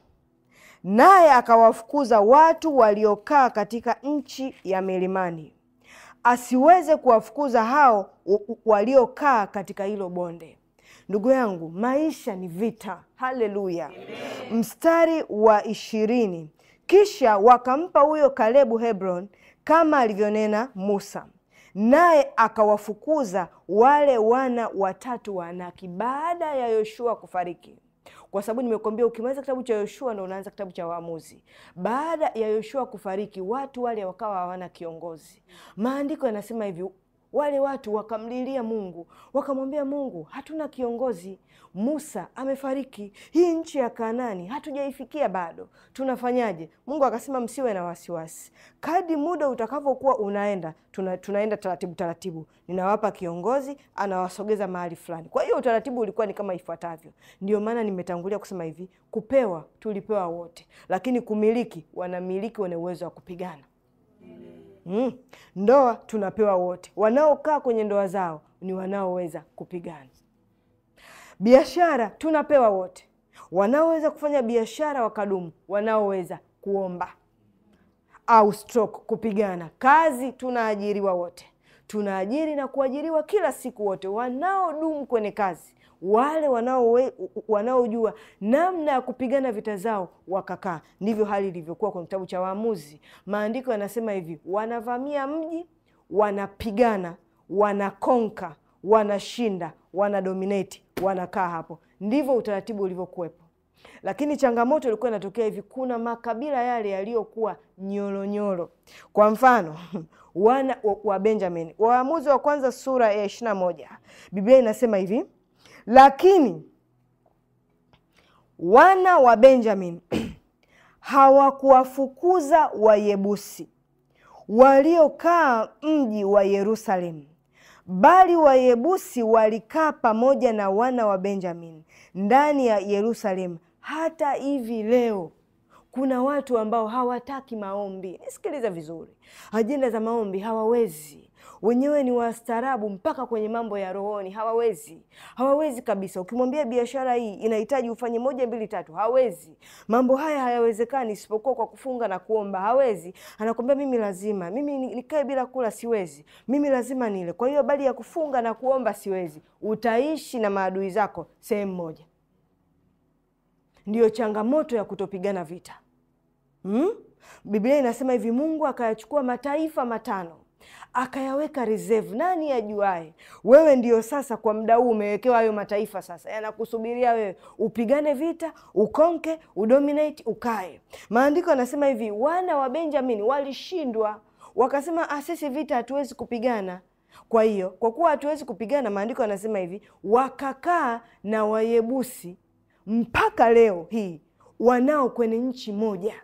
Speaker 1: naye akawafukuza watu waliokaa katika nchi ya milimani, asiweze kuwafukuza hao waliokaa katika hilo bonde. Ndugu yangu, maisha ni vita. Haleluya! Mstari wa ishirini, kisha wakampa huyo Kalebu Hebron kama alivyonena Musa naye akawafukuza wale wana watatu wa Anaki baada ya Yoshua kufariki kwa sababu nimekuambia, ukimaliza kitabu cha Yoshua ndo unaanza kitabu cha Waamuzi. Baada ya Yoshua kufariki, watu wale wakawa hawana kiongozi. Maandiko yanasema hivi, wale watu wakamlilia Mungu, wakamwambia Mungu, hatuna kiongozi. Musa amefariki, hii nchi ya Kanaani hatujaifikia bado, tunafanyaje? Mungu akasema msiwe na wasiwasi, kadi muda utakavyokuwa unaenda tuna, tunaenda taratibu taratibu, ninawapa kiongozi, anawasogeza mahali fulani. Kwa hiyo utaratibu ulikuwa ni kama ifuatavyo. Ndio maana nimetangulia kusema hivi, kupewa tulipewa wote, lakini kumiliki, wanamiliki wana uwezo wa kupigana mm. Ndoa tunapewa wote, wanaokaa kwenye ndoa zao ni wanaoweza kupigana. Biashara tunapewa wote, wanaoweza kufanya biashara wakadumu, wanaoweza kuomba au stroke kupigana. Kazi tunaajiriwa wote, tunaajiri na kuajiriwa kila siku wote, wanaodumu kwenye kazi wale wanaojua wanao namna ya kupigana vita zao wakakaa. Ndivyo hali ilivyokuwa kwenye kitabu cha Waamuzi. Maandiko yanasema hivi, wanavamia mji, wanapigana, wanakonka, wanashinda, wanadominate, wanakaa hapo. Ndivyo utaratibu ulivyokuwepo, lakini changamoto ilikuwa inatokea hivi, kuna makabila yale yaliyokuwa nyolonyolo. Kwa mfano wana wa Benjamin, Waamuzi wa kwanza sura ya ishirini na moja Biblia inasema hivi lakini wana wa Benjamin hawakuwafukuza Wayebusi waliokaa mji wa Yerusalemu, bali Wayebusi walikaa pamoja na wana wa Benjamin ndani ya Yerusalemu hata hivi leo. Kuna watu ambao hawataki maombi. Nisikilize vizuri, ajenda za maombi hawawezi wenyewe ni wastaarabu mpaka kwenye mambo ya rohoni, hawawezi hawawezi kabisa. Ukimwambia biashara hii inahitaji ufanye moja mbili tatu, hawezi. Mambo haya hayawezekani isipokuwa kwa kufunga na kuomba, hawezi. Anakwambia mimi lazima, mimi nikae bila kula siwezi, mimi lazima nile. Kwa hiyo bali ya kufunga na kuomba siwezi, utaishi na maadui zako sehemu moja. Ndiyo changamoto ya kutopigana vita hmm? Biblia inasema hivi, Mungu akayachukua mataifa matano akayaweka reserve. Nani ajuae? Wewe ndio sasa kwa muda huu umewekewa hayo mataifa, sasa yanakusubiria wewe upigane vita, ukonke, udominate, ukae. Maandiko anasema hivi, wana wa benjamin walishindwa, wakasema asisi ah, vita hatuwezi kupigana. Kwa hiyo kwa kuwa hatuwezi kupigana, maandiko anasema hivi, wakakaa na Wayebusi mpaka leo hii wanao kwenye nchi moja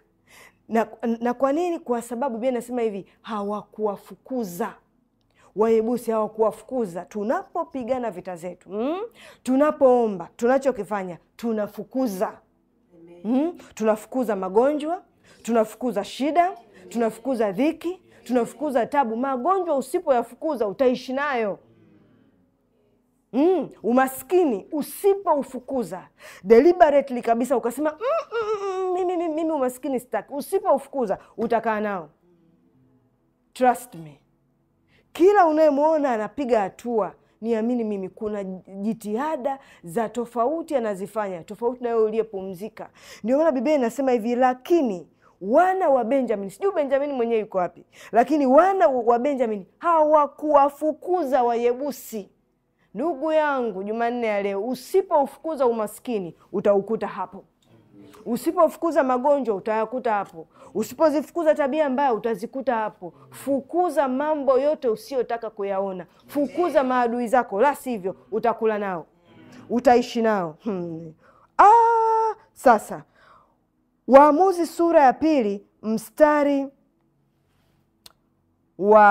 Speaker 1: na, na kwa nini? Kwa sababu Biblia inasema hivi, hawakuwafukuza Wayebusi, hawakuwafukuza. Tunapopigana vita zetu mm? Tunapoomba tunachokifanya tunafukuza mm? Tunafukuza magonjwa, tunafukuza shida, tunafukuza dhiki, tunafukuza tabu. Magonjwa usipoyafukuza utaishi nayo. Mm, umaskini usipoufukuza deliberately kabisa ukasema mm mm, mm, mm, mimi, mimi, mimi umaskini sitaki, usipoufukuza utakaa nao. Trust me, kila unayemwona anapiga hatua, niamini mimi, kuna jitihada za tofauti anazifanya, tofauti na wewe uliyepumzika. Ndio maana Biblia inasema hivi, lakini wana wa benjamin sijui Benjamini mwenyewe yuko wapi, lakini wana wa benjamin hawakuwafukuza Wayebusi. Ndugu yangu, Jumanne ya leo, usipoufukuza umaskini utaukuta hapo. Usipofukuza magonjwa utayakuta hapo. Usipozifukuza tabia mbaya utazikuta hapo. Fukuza mambo yote usiyotaka kuyaona, fukuza maadui zako, la sivyo utakula nao, utaishi nao. Hmm. Ah, sasa Waamuzi sura ya pili mstari wa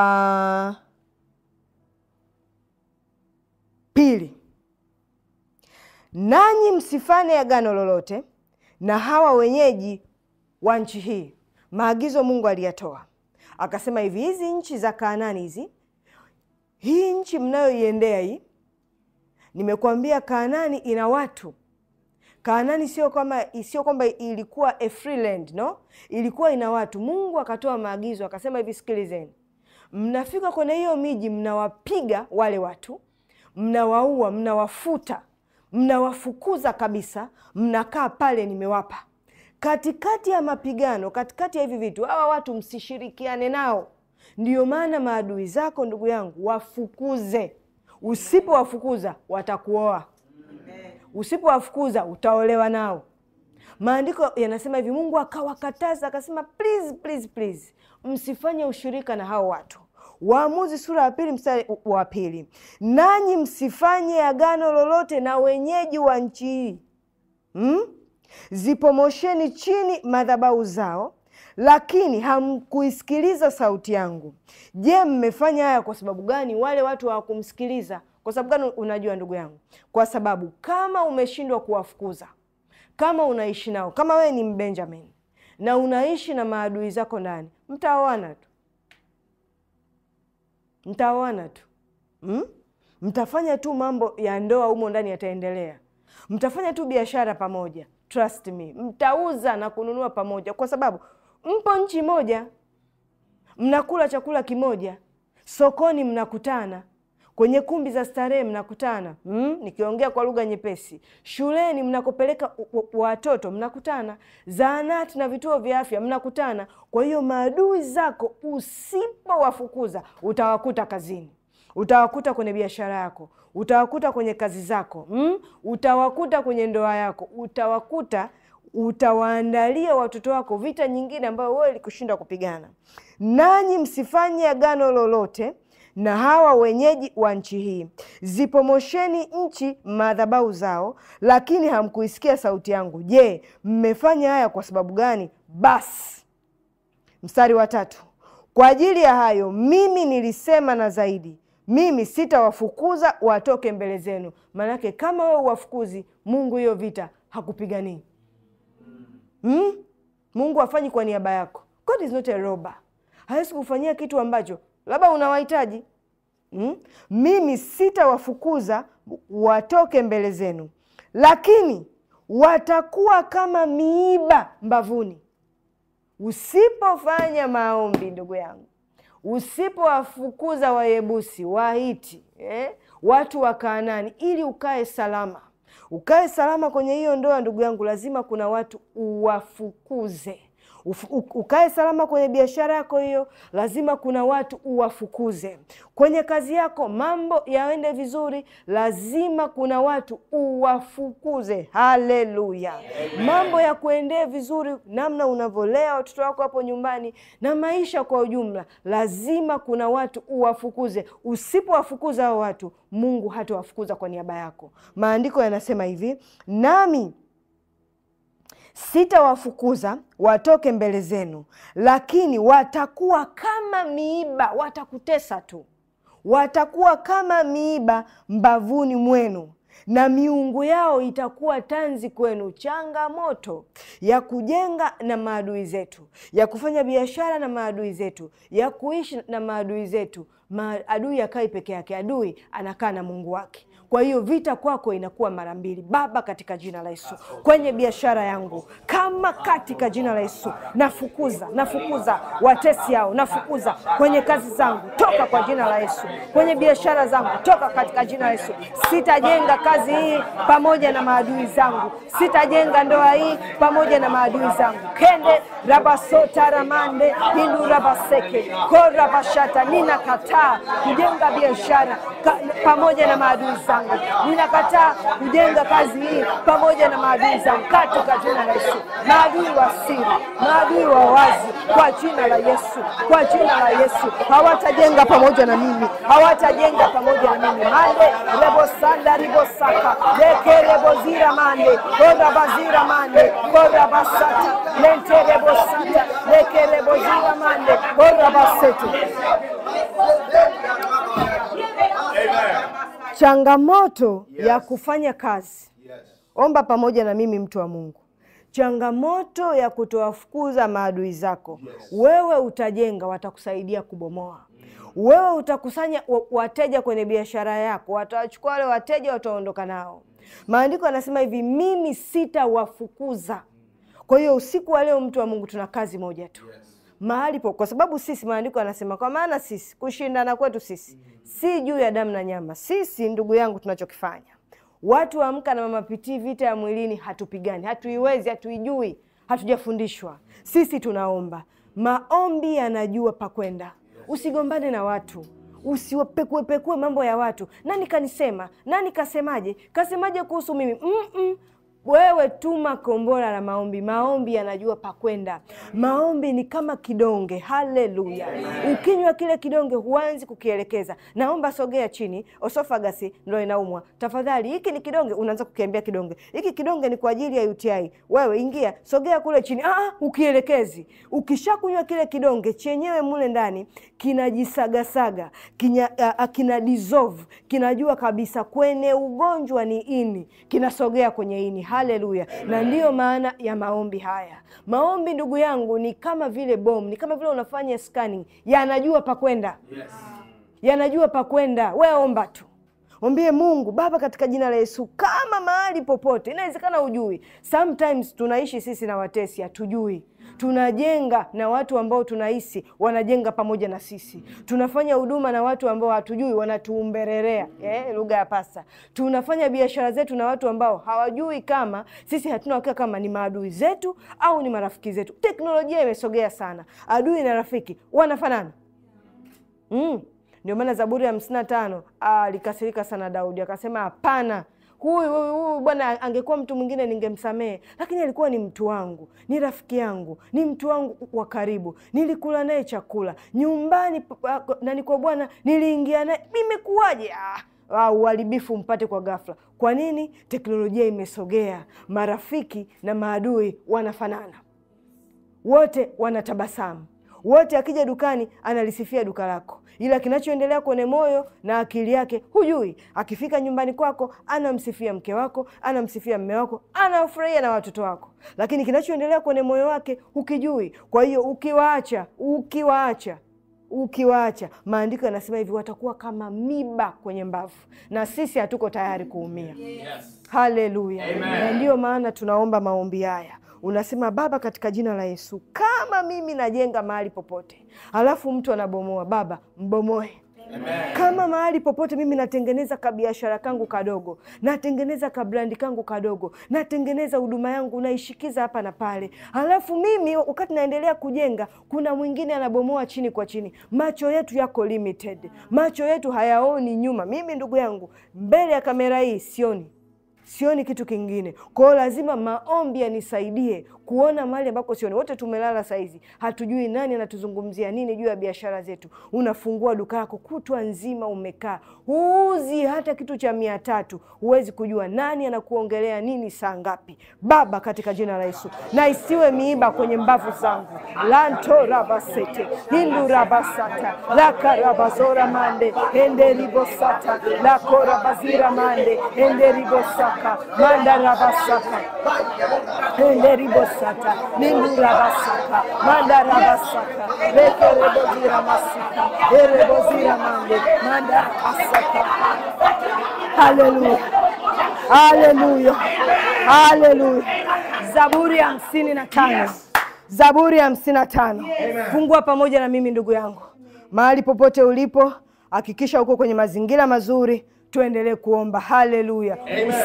Speaker 1: Pili, nanyi msifane agano lolote na hawa wenyeji wa nchi hii. Maagizo Mungu aliyatoa akasema hivi, hizi nchi za Kaanani hizi, hii nchi mnayoiendea hii, nimekuambia Kaanani ina watu. Kaanani sio kama sio kwamba ilikuwa a free land, no, ilikuwa ina watu. Mungu akatoa maagizo akasema hivi, sikilizeni, mnafika kwenye hiyo miji mnawapiga wale watu mnawaua, mnawafuta, mnawafukuza kabisa, mnakaa pale, nimewapa katikati ya mapigano, katikati ya hivi vitu, hawa watu msishirikiane nao. Ndiyo maana maadui zako, ndugu yangu, wafukuze. Usipowafukuza watakuoa, usipowafukuza utaolewa nao. Maandiko yanasema hivi, Mungu akawakataza akasema, please, please, please, msifanye ushirika na hao watu. Waamuzi sura ya pili mstari wa pili, nanyi msifanye agano lolote na wenyeji wa nchi hii hmm? Zipomosheni chini madhabahu zao, lakini hamkuisikiliza sauti yangu. Je, mmefanya haya kwa sababu gani? Wale watu hawakumsikiliza kwa sababu gani? Unajua ndugu yangu, kwa sababu kama umeshindwa kuwafukuza, kama unaishi nao, kama wewe ni Mbenjamin na unaishi na maadui zako ndani, mtaoana tu mtaoana tu hmm? mtafanya tu mambo ya ndoa humo ndani yataendelea, mtafanya tu biashara pamoja, trust me, mtauza na kununua pamoja, kwa sababu mpo nchi moja, mnakula chakula kimoja, sokoni mnakutana kwenye kumbi za starehe mnakutana mm? Nikiongea kwa lugha nyepesi, shuleni mnakopeleka watoto mnakutana, zaanati na vituo vya afya mnakutana. Kwa hiyo maadui zako usipowafukuza utawakuta kazini, utawakuta kwenye biashara yako, utawakuta kwenye kazi zako mm? Utawakuta kwenye ndoa yako, utawakuta utawaandalia watoto wako vita nyingine ambayo wewe likushindwa kupigana. Nanyi msifanye agano lolote na hawa wenyeji wa nchi hii. Zipomosheni nchi madhabahu zao, lakini hamkuisikia sauti yangu. Je, mmefanya haya kwa sababu gani? Basi, mstari wa tatu, kwa ajili ya hayo mimi nilisema na zaidi mimi sitawafukuza watoke mbele zenu. Maanake kama wao wafukuzi Mungu, hiyo vita hakupiganii hmm? Mungu hafanyi kwa niaba yako. God is not a robber. Hawezi kufanyia kitu ambacho labda unawahitaji hmm? Mimi sitawafukuza watoke mbele zenu, lakini watakuwa kama miiba mbavuni. Usipofanya maombi, ndugu yangu, usipowafukuza Wayebusi, Wahiti, eh? watu wa ili ukae salama, ukae salama kwenye hiyo ndoa, ndugu yangu, lazima kuna watu uwafukuze ukae salama kwenye biashara yako hiyo, lazima kuna watu uwafukuze. Kwenye kazi yako mambo yaende vizuri, lazima kuna watu uwafukuze. Haleluya! mambo ya kuendee vizuri, namna unavyolea watoto wako hapo nyumbani na maisha kwa ujumla, lazima kuna watu uwafukuze. Usipowafukuza hao watu, Mungu hatawafukuza kwa niaba yako. Maandiko yanasema hivi, nami Sitawafukuza watoke mbele zenu, lakini watakuwa kama miiba, watakutesa tu. Watakuwa kama miiba mbavuni mwenu na miungu yao itakuwa tanzi kwenu. Changamoto ya kujenga na maadui zetu, ya kufanya biashara na maadui zetu, ya kuishi na maadui zetu. Maadui akai peke yake, adui anakaa na Mungu wake. Kwa hiyo vita kwako inakuwa mara mbili. Baba, katika jina la Yesu, kwenye biashara yangu kama, katika jina la Yesu, nafukuza nafukuza watesi hao, nafukuza kwenye kazi zangu, toka kwa jina la Yesu, kwenye biashara zangu, toka katika jina la Yesu. Sitajenga kazi hii pamoja na maadui zangu, sitajenga ndoa hii pamoja na maadui zangu. kende rabasota ramande hindu rabaseke korabashata, ninakataa kujenga biashara pamoja na maadui zangu zangu, Ninakataa kujenga kazi hii pamoja na maadui za mkato kwa jina la Yesu, maadui wa siri, maadui wa wazi kwa jina la Yesu, kwa jina la Yesu. Hawatajenga pamoja na mimi, hawatajenga pamoja na mimi. mande leke ribosaka zira mande bazira mande leke lenterebosata zira mande korabasete Amen changamoto yes. ya kufanya kazi yes. Omba pamoja na mimi mtu wa Mungu, changamoto ya kutowafukuza maadui zako yes. Wewe utajenga, watakusaidia kubomoa mm. wewe utakusanya wateja kwenye biashara yako, watawachukua wale wateja, wataondoka nao. Maandiko anasema hivi, mimi sitawafukuza. Kwa hiyo usiku wa leo, mtu wa Mungu, tuna kazi moja tu yes mahali po, kwa sababu sisi maandiko anasema kwa maana sisi kushindana kwetu sisi si juu ya damu na nyama. Sisi ndugu yangu, tunachokifanya watu waamka Amka na Mama vita ya mwilini hatupigani, hatuiwezi, hatuijui, hatujafundishwa. Sisi tunaomba, maombi yanajua pakwenda. Usigombane na watu usiwapekuepekue mambo ya watu. Nani kanisema? Nani kasemaje? Kasemaje kuhusu mimi? Mm -mm. Wewe tuma kombora la maombi. Maombi yanajua pakwenda. Maombi ni kama kidonge. Haleluya! Ukinywa kile kidonge, huanzi kukielekeza. Naomba sogea chini, esophagus ndo inaumwa, tafadhali hiki ni kidonge. Unaanza kukiambia kidonge, hiki kidonge ni kwa ajili ya UTI. Wewe ingia, sogea kule chini. Aa, ah, ah, ukielekezi. Ukishakunywa kile kidonge chenyewe, mule ndani kinajisagasaga, kina dissolve, kinajua kabisa kwene ugonjwa ni ini, kinasogea kwenye ini haleluya. Na ndiyo maana ya maombi haya. Maombi ndugu yangu ni kama vile bomu, ni kama vile unafanya scanning, yanajua pakwenda, yanajua pakwenda. Wewe omba tu, Mwambie Mungu Baba, katika jina la Yesu, kama mahali popote. Inawezekana ujui sometimes tunaishi sisi na watesi, hatujui tunajenga na watu ambao tunahisi wanajenga pamoja na sisi, tunafanya huduma na watu ambao hatujui wanatuumbererea, eh, lugha ya pasta. Tunafanya biashara zetu na watu ambao hawajui kama sisi hatuna hakika kama ni maadui zetu au ni marafiki zetu. Teknolojia imesogea sana, adui na rafiki wanafanana mm. Ndio maana Zaburi ya hamsini na tano ah, alikasirika sana Daudi akasema, hapana huyu bwana, angekuwa mtu mwingine ningemsamehe, lakini alikuwa ni mtu wangu, ni rafiki yangu, ni mtu wangu wa karibu, nilikula naye chakula nyumbani nani kwa bwana, niliingia naye. Imekuwaje? ah uharibifu mpate kwa ghafla. Kwa nini? Teknolojia imesogea, marafiki na maadui wanafanana, wote wanatabasamu, wote akija dukani analisifia duka lako, ila kinachoendelea kwenye moyo na akili yake hujui. Akifika nyumbani kwako anamsifia mke wako, anamsifia mme wako, anafurahia na watoto wako, lakini kinachoendelea kwenye moyo wake hukijui. Kwa hiyo ukiwaacha, ukiwaacha ukiwaacha maandiko yanasema hivi, watakuwa kama miba kwenye mbavu, na sisi hatuko tayari kuumia. Yes. Haleluya! Na ndiyo maana tunaomba maombi haya unasema Baba, katika jina la Yesu, kama mimi najenga mahali popote, alafu mtu anabomoa, Baba mbomoe. Amen. Kama mahali popote mimi natengeneza kabiashara kangu kadogo, natengeneza kabrandi kangu kadogo, natengeneza huduma yangu, naishikiza hapa na pale, alafu mimi wakati naendelea kujenga, kuna mwingine anabomoa chini kwa chini. Macho yetu yako limited, macho yetu hayaoni nyuma. Mimi ndugu yangu, mbele ya kamera hii sioni sioni kitu kingine. Kwa hiyo lazima maombi yanisaidie kuona mali ambako sioni. Wote tumelala saizi, hatujui nani anatuzungumzia nini juu ya biashara zetu. Unafungua duka lako kutwa nzima umekaa, huuzi hata kitu cha mia tatu. Huwezi kujua nani anakuongelea nini saa ngapi. Baba, katika jina la Yesu, na isiwe miiba kwenye mbavu zangu lanto rabasete hindu rabasata lakarabazora mande enderibosata lakorabazira mande enderibosaka mandarabasaka enderibosaka basata mindura basaka mandara basaka leke rebozira masika erebozira mande manda rabasaka haleluya haleluya haleluya zaburi ya hamsini na tano zaburi ya hamsini na tano fungua pamoja na mimi ndugu yangu mahali popote ulipo hakikisha uko kwenye mazingira mazuri tuendelee kuomba. Haleluya!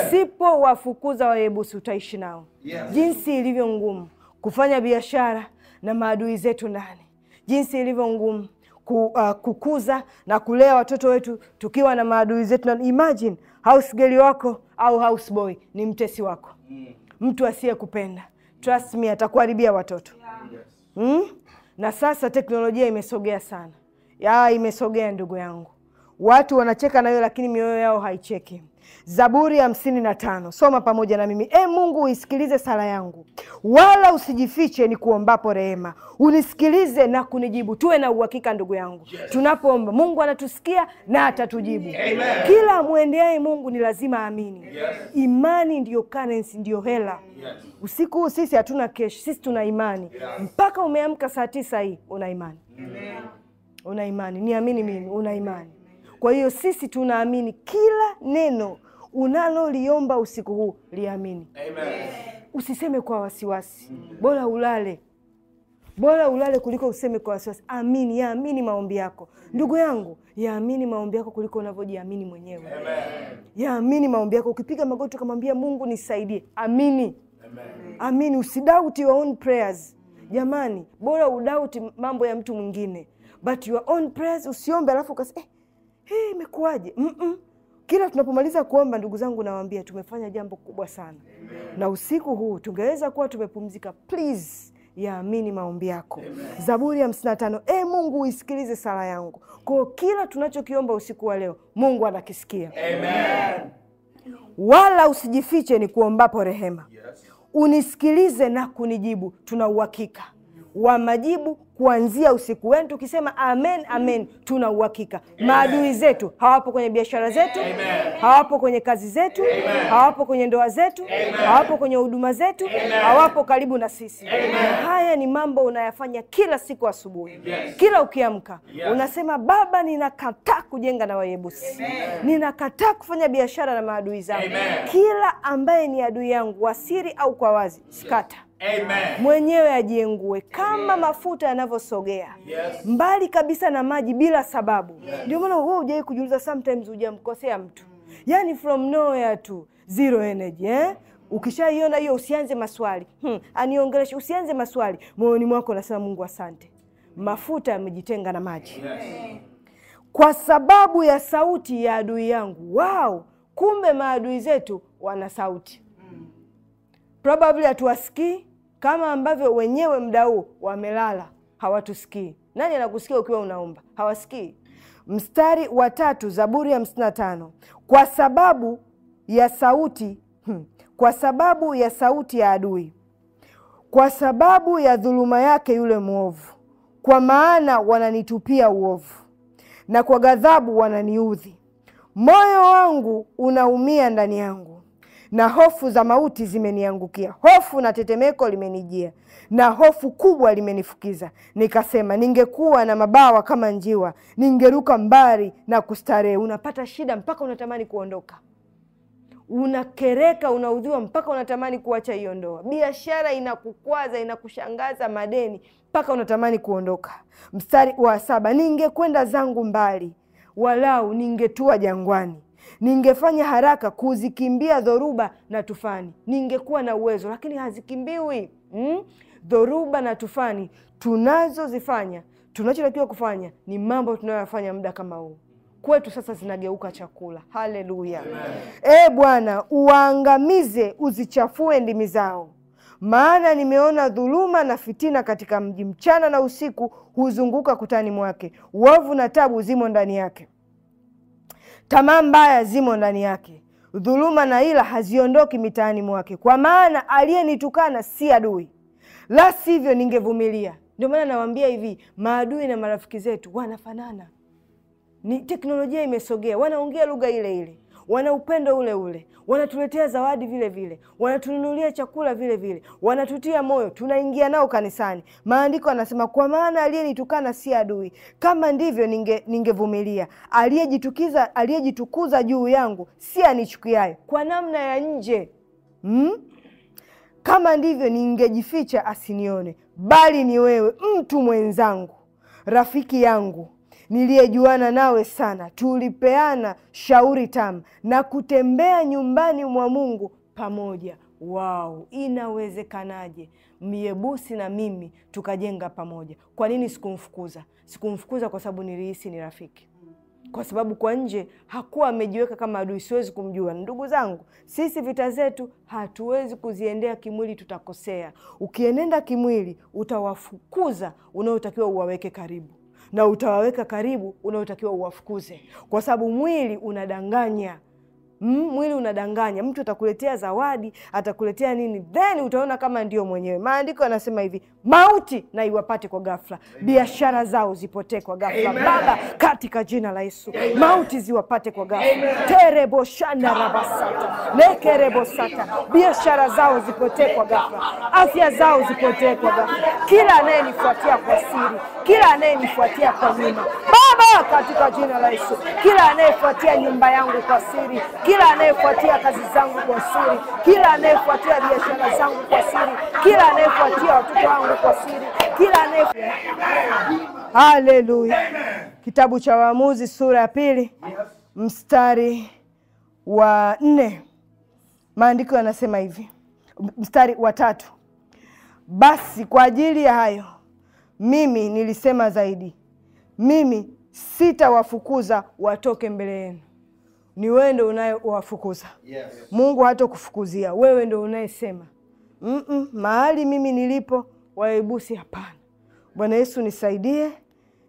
Speaker 1: Usipowafukuza Wayebusi utaishi nao. Yes. Jinsi ilivyo ngumu kufanya biashara na maadui zetu ndani, jinsi ilivyo ngumu ku, uh, kukuza na kulea watoto wetu tukiwa na maadui zetu ndani. Imagine house girl wako au house boy ni mtesi wako, mm. mtu asiyekupenda, trust me, atakuharibia watoto. yeah. mm? na sasa teknolojia imesogea sana ya imesogea ndugu yangu Watu wanacheka hiyo lakini mioyo yao haicheki. Zaburi hamsini na tano. Soma pamoja na mimi. E Mungu, uisikilize sala yangu, wala usijifiche ni kuombapo rehema. Unisikilize na kunijibu. Tuwe na uhakika ndugu yangu, yes. Tunapoomba Mungu anatusikia na atatujibu. Amen. Kila mwendeaye Mungu ni lazima aamini, yes. Imani ndiyo karensi ndiyo hela, yes. Usiku huu sisi hatuna kesh, sisi tuna imani, yes. Mpaka umeamka saa tisa hii una imani, una imani, niamini mimi, una imani kwa hiyo sisi tunaamini kila neno unaloliomba usiku huu liamini. Amen. Usiseme kwa wasiwasi, bora ulale, bora ulale kuliko useme kwa wasiwasi. Amini, yaamini maombi yako ndugu yangu, yaamini maombi yako kuliko unavyojiamini mwenyewe. Amen. Yaamini maombi yako, ukipiga magoti ukamwambia Mungu nisaidie, amini. Amen. Amini, usidoubt your own prayers jamani, bora udoubt mambo ya mtu mwingine, but your own prayers usiombe alafu ukasema eh, hii imekuwaje? mm -mm. Kila tunapomaliza kuomba, ndugu zangu, nawaambia tumefanya jambo kubwa sana. Amen. Na usiku huu tungeweza kuwa tumepumzika. Please yaamini maombi yako. Amen. Zaburi ya 55, e Mungu uisikilize sala yangu. Kwa kila tunachokiomba usiku wa leo Mungu anakisikia. Amen. Wala usijifiche ni kuombapo rehema. Yes. Unisikilize na kunijibu, tuna uhakika wa majibu kuanzia usiku wenu tukisema amen amen, tuna uhakika maadui zetu hawapo kwenye biashara zetu amen. hawapo kwenye kazi zetu amen. hawapo kwenye ndoa zetu amen. hawapo kwenye huduma zetu amen. hawapo karibu na sisi amen. Haya ni mambo unayafanya kila siku asubuhi, yes. kila ukiamka, yes. unasema Baba, ninakataa kujenga na Wayebusi, ninakataa kufanya biashara na maadui zangu. Kila ambaye ni adui yangu, wasiri au kwa wazi, skata Mwenyewe ajiengue kama mafuta yanavyosogea yes. mbali kabisa na maji bila sababu. Ndio maana wewe hujai kujiuliza sometimes hujamkosea mtu mm. from nowhere tu zero energy eh? Ukishaiona hiyo usianze maswali hmm. aniongeleshe, usianze maswali moyoni mwako, nasema Mungu asante, mafuta yamejitenga na maji yes. kwa sababu ya sauti ya adui yangu. wao kumbe maadui zetu wana sauti mm. probably hatuwasikii kama ambavyo wenyewe mda huu wamelala, hawatusikii. Nani anakusikia ukiwa unaomba? Hawasikii. Mstari wa tatu, Zaburi ya hamsini na tano kwa sababu ya sauti hmm, kwa sababu ya sauti ya adui, kwa sababu ya dhuluma yake yule mwovu, kwa maana wananitupia uovu na kwa ghadhabu wananiudhi, moyo wangu unaumia ndani yangu na hofu za mauti zimeniangukia, hofu na tetemeko limenijia, na hofu kubwa limenifukiza. Nikasema, ningekuwa na mabawa kama njiwa, ningeruka mbali na kustarehe. Unapata shida mpaka unatamani kuondoka, unakereka, unaudhiwa mpaka unatamani kuacha hiyo ndoa. Biashara inakukwaza, inakushangaza, madeni mpaka unatamani kuondoka. Mstari wa saba, ningekwenda zangu mbali, walau ningetua jangwani ningefanya haraka kuzikimbia dhoruba na tufani, ningekuwa na uwezo, lakini hazikimbiwi mm? Dhoruba na tufani tunazozifanya, tunachotakiwa kufanya ni mambo tunayoyafanya muda kama huu kwetu sasa zinageuka chakula. Haleluya! E Bwana, uwaangamize uzichafue ndimi zao, maana nimeona dhuluma na fitina katika mji. Mchana na usiku huzunguka kutani mwake, wavu na tabu zimo ndani yake. Tamaa mbaya zimo ndani yake, dhuluma na ila haziondoki mitaani mwake, kwa maana aliyenitukana si adui, la sivyo ningevumilia. Ndio maana nawaambia hivi, maadui na marafiki zetu wanafanana, ni teknolojia imesogea, wanaongea lugha ile ile wana upendo ule ule, wanatuletea zawadi vile vile, wanatununulia chakula vile vile, wanatutia moyo, tunaingia nao kanisani. Maandiko anasema kwa maana aliyenitukana si adui, kama ndivyo ningevumilia, ninge aliyejitukiza aliyejitukuza juu yangu si anichukiaye kwa namna ya nje hmm? kama ndivyo ningejificha asinione, bali ni wewe mtu mwenzangu, rafiki yangu niliyejuana nawe sana, tulipeana shauri tamu na kutembea nyumbani mwa Mungu pamoja. Wao, inawezekanaje Myebusi na mimi tukajenga pamoja? Kwa nini sikumfukuza? Sikumfukuza kwa sababu nilihisi ni rafiki, kwa sababu kwa nje hakuwa amejiweka kama adui, siwezi kumjua. Ndugu zangu, sisi vita zetu hatuwezi kuziendea kimwili, tutakosea. Ukienenda kimwili, utawafukuza unaotakiwa uwaweke karibu na utawaweka karibu unaotakiwa uwafukuze, kwa sababu mwili unadanganya. Mm, mwili unadanganya. Mtu atakuletea zawadi, atakuletea nini, then utaona kama ndio mwenyewe. Maandiko yanasema hivi, mauti na iwapate kwa ghafla, biashara zao zipotee kwa ghafla. Baba, katika jina la Yesu, mauti ziwapate kwa ghafla, tereboshana rabasata lekerebosata, biashara zao zipotee kwa ghafla, afya zao zipotee kwa ghafla, kila anayenifuatia kwa siri, kila anayenifuatia kwa nyuma, Baba, katika jina la Yesu, kila anayefuatia nyumba yangu kwa siri kila anayefuatia kazi zangu kwa siri, kila anayefuatia biashara zangu kwa siri, kila anayefuatia watoto wangu kwa siri, kila anaye Haleluya. Kitabu cha Waamuzi sura ya pili mstari wa nne maandiko yanasema hivi, mstari wa tatu basi kwa ajili ya hayo mimi nilisema zaidi, mimi sitawafukuza watoke mbele yenu ni wewe ndo unayewafukuza yes. Mungu kufukuzia wewe, ndo unayesema mm -mm, mahali mimi nilipo waebusi hapana. Bwana Yesu nisaidie,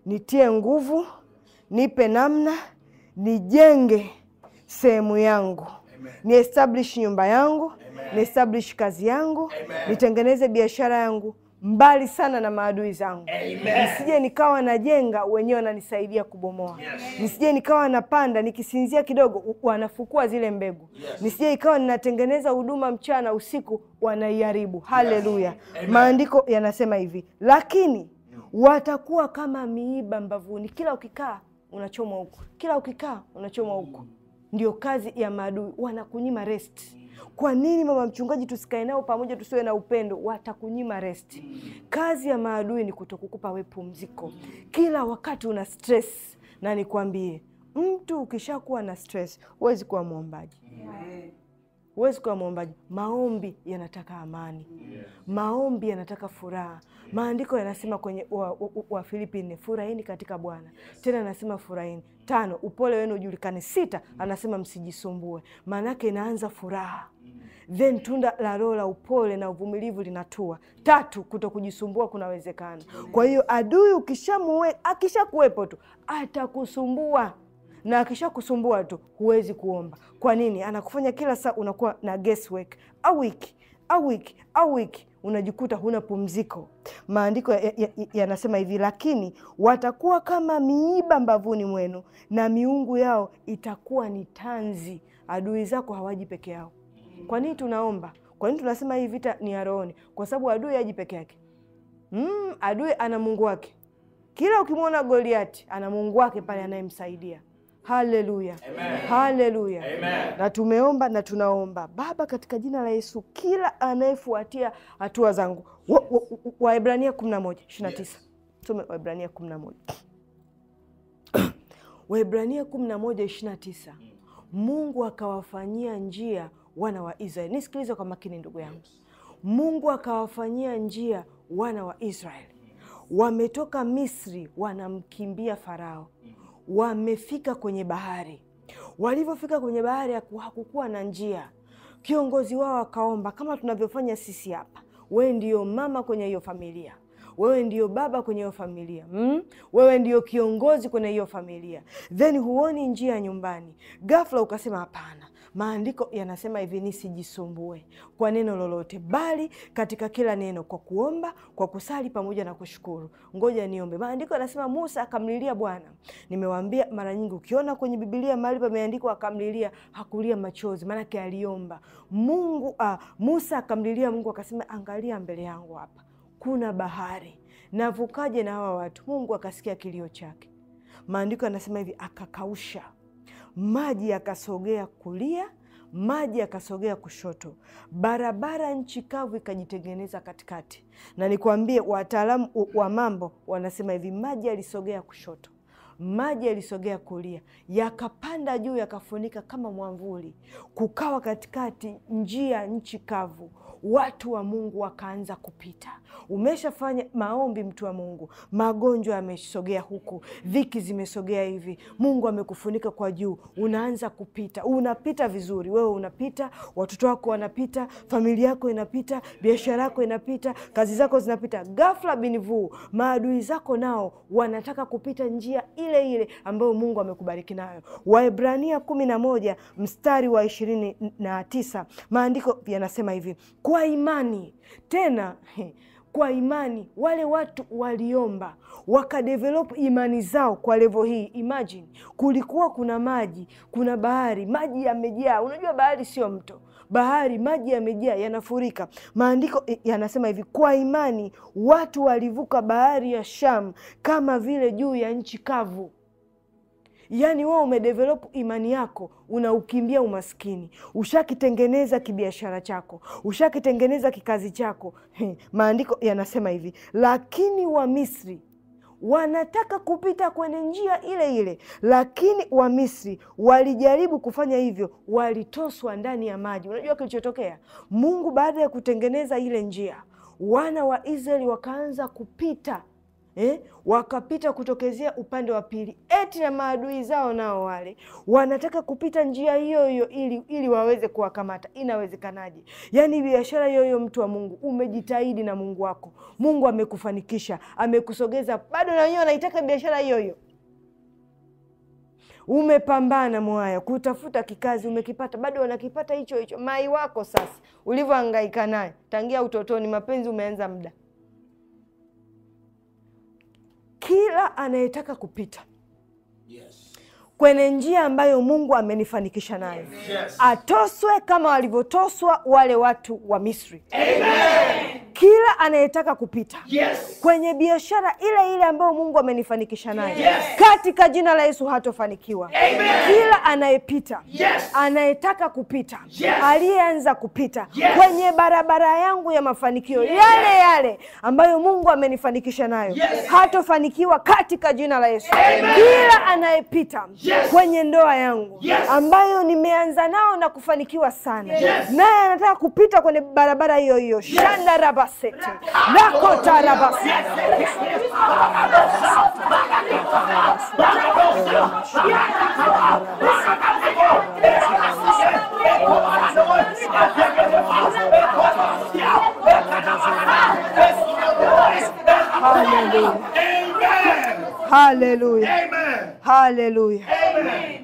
Speaker 1: nitie nguvu, nipe namna, nijenge sehemu yangu ni establish nyumba yangu, ni establish kazi yangu, nitengeneze biashara yangu mbali sana na maadui zangu. Nisije nikawa najenga, wenyewe wananisaidia kubomoa. Nisije nikawa napanda, nikisinzia kidogo wanafukua zile mbegu. Nisije ikawa ninatengeneza huduma mchana, usiku wanaiharibu. Haleluya! Maandiko yanasema hivi, lakini watakuwa kama miiba mbavuni, kila ukikaa unachomwa huku, kila ukikaa unachomwa huku. Mm. Ndio kazi ya maadui, wanakunyima rest kwa nini mama mchungaji, tusikae nao pamoja, tusiwe na upendo? Watakunyima resti. Kazi ya maadui ni kutokukupa we pumziko, kila wakati una stress. Na nikwambie mtu ukishakuwa na stress huwezi kuwa mwombaji. Yeah huwezi kuwa mwombaji. Maombi yanataka amani, maombi yanataka furaha. Maandiko yanasema kwenye Wafilipi nne, furahini katika Bwana. Tena anasema furahini. Tano, upole wenu ujulikane. Sita, anasema msijisumbue. Maanake inaanza furaha mm. then tunda la Roho la upole na uvumilivu linatua. Tatu, kuto kujisumbua kunawezekana. Kwa hiyo adui ukishamuwe akisha kuwepo tu atakusumbua na akishakusumbua tu huwezi kuomba. Kwa nini? Anakufanya kila saa unakuwa na guesswork, au wiki au wiki au wiki, unajikuta huna pumziko. Maandiko yanasema ya, ya hivi, lakini watakuwa kama miiba mbavuni mwenu na miungu yao itakuwa ni tanzi. Adui zako hawaji peke yao. Kwa nini tunaomba? Kwa nini tunasema hii vita ni ya rohoni? Kwa sababu adui haji peke yake. Mm, adui ana mungu wake. Kila ukimwona Goliati ana mungu wake pale anayemsaidia. Haleluya, haleluya. Na tumeomba na tunaomba. Baba, katika jina la Yesu, kila anayefuatia hatua zangu, Waebrania 11:29 Tume Waebrania 11, Waebrania 11:29 mm. Mungu akawafanyia njia wana wa Israeli. Nisikilize kwa makini ndugu yangu, Mungu akawafanyia njia wana wa Israeli, mm. wametoka Misri wanamkimbia Farao. Mm wamefika kwenye bahari. Walivyofika kwenye bahari hakukuwa na njia, kiongozi wao akaomba, kama tunavyofanya sisi hapa, wewe ndiyo mama kwenye hiyo familia wewe ndiyo baba kwenye hiyo familia mm? Wewe ndiyo kiongozi kwenye hiyo familia, then huoni njia nyumbani. Ghafla ukasema hapana, Maandiko yanasema hivi, nisijisumbue kwa neno lolote, bali katika kila neno kwa kuomba, kwa kusali pamoja na kushukuru. Ngoja niombe. Maandiko yanasema Musa akamlilia Bwana. Nimewaambia mara nyingi, ukiona kwenye Biblia mahali pameandikwa akamlilia, hakulia machozi, maanake aliomba Mungu. Ah, Musa akamlilia Mungu akasema, angalia mbele yangu hapa kuna bahari, navukaje na hawa watu? Mungu akasikia kilio chake. Maandiko yanasema hivi, akakausha maji yakasogea kulia, maji yakasogea kushoto, barabara nchi kavu ikajitengeneza katikati. Na nikwambie, wataalamu wa mambo wanasema hivi, maji yalisogea kushoto maji yalisogea kulia, yakapanda juu, yakafunika kama mwamvuli, kukawa katikati njia nchi kavu watu wa Mungu wakaanza kupita. Umeshafanya maombi, mtu wa Mungu, magonjwa yamesogea huku, dhiki zimesogea hivi, Mungu amekufunika kwa juu, unaanza kupita, unapita vizuri, wewe unapita, watoto wako wanapita, familia yako inapita, biashara yako inapita, kazi zako zinapita. Ghafla binivu, maadui zako nao wanataka kupita njia ile ile ambayo Mungu amekubariki nayo. Waebrania kumi na moja mstari wa ishirini na tisa maandiko yanasema hivi kwa imani tena he, kwa imani wale watu waliomba wakadevelop imani zao kwa levo hii. Imagine kulikuwa kuna maji, kuna bahari, maji yamejaa. Unajua bahari sio mto, bahari maji yamejaa, yanafurika. Maandiko eh, yanasema hivi, kwa imani watu walivuka bahari ya Shamu kama vile juu ya nchi kavu. Yaani wewe umedevelop imani yako, unaukimbia umaskini, ushakitengeneza kibiashara chako, ushakitengeneza kikazi chako. Maandiko yanasema hivi, lakini Wamisri wanataka kupita kwenye njia ile ile, lakini Wamisri walijaribu kufanya hivyo, walitoswa ndani ya maji. Unajua kilichotokea? Mungu baada ya kutengeneza ile njia, wana wa Israeli wakaanza kupita eh, wakapita kutokezea upande wa pili, eti na maadui zao nao wale wanataka kupita njia hiyo hiyo ili, ili waweze kuwakamata. Inawezekanaje? Yaani biashara hiyo hiyo, mtu wa Mungu, umejitahidi na Mungu wako, Mungu amekufanikisha, amekusogeza, bado na wenyewe wanaitaka biashara hiyo hiyo umepambana mwaya kutafuta kikazi umekipata, bado wanakipata hicho hicho mai wako. Sasa ulivyohangaika naye tangia utotoni, mapenzi umeanza muda kila anayetaka kupita yes kwenye njia ambayo Mungu amenifanikisha nayo yes. Atoswe kama walivyotoswa wale watu wa Misri Amen. Kila anayetaka kupita yes. kwenye biashara ile ile ambayo Mungu amenifanikisha nayo yes. katika jina la Yesu hatofanikiwa Amen. Kila anayepita yes. anayetaka kupita yes. aliyeanza kupita yes. kwenye barabara yangu ya mafanikio yes. yale yale ambayo Mungu amenifanikisha nayo yes. hatofanikiwa katika jina la Yesu Amen. Kila anayepita yes yes. kwenye ndoa yangu yes. ambayo nimeanza nao na kufanikiwa sana yes. naye anataka kupita kwenye barabara hiyo hiyo yes. shanda rabasete nakota rabasete Haleluya,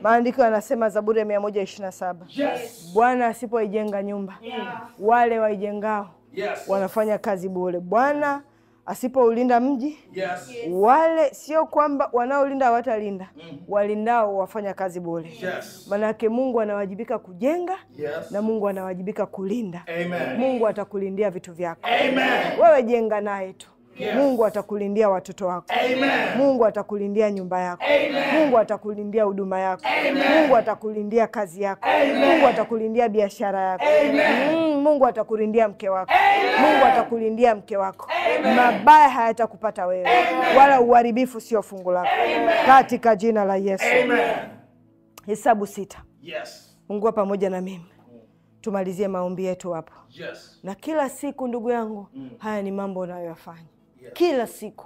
Speaker 1: Maandiko yanasema Zaburi ya 127 yes. Bwana asipoijenga nyumba yeah. wale waijengao yes. wanafanya kazi bure. Bwana asipoulinda mji yes. Wale sio kwamba wanaolinda hawatalinda mm. Walindao wafanya kazi bule yes. Manake Mungu anawajibika kujenga yes. Na Mungu anawajibika kulinda Amen. Mungu atakulindia vitu vyako Amen. Wewe jenga naye tu. Mungu atakulindia watoto wako. Amen. Mungu atakulindia nyumba yako. Amen. Mungu atakulindia huduma yako. Amen. Mungu atakulindia kazi yako. Amen. Mungu atakulindia biashara yako. Amen. Mm, Mungu atakulindia mke wako. Amen. Mungu atakulindia mke wako. Amen. Mabaya hayatakupata wewe. Amen. Wala uharibifu sio fungu lako. Katika jina la Yesu. Amen. Hesabu sita. Yes. Mungu pamoja na mimi tumalizie maombi yetu hapo. Yes. Na kila siku ndugu yangu, mm. haya ni mambo unayoyafanya kila siku.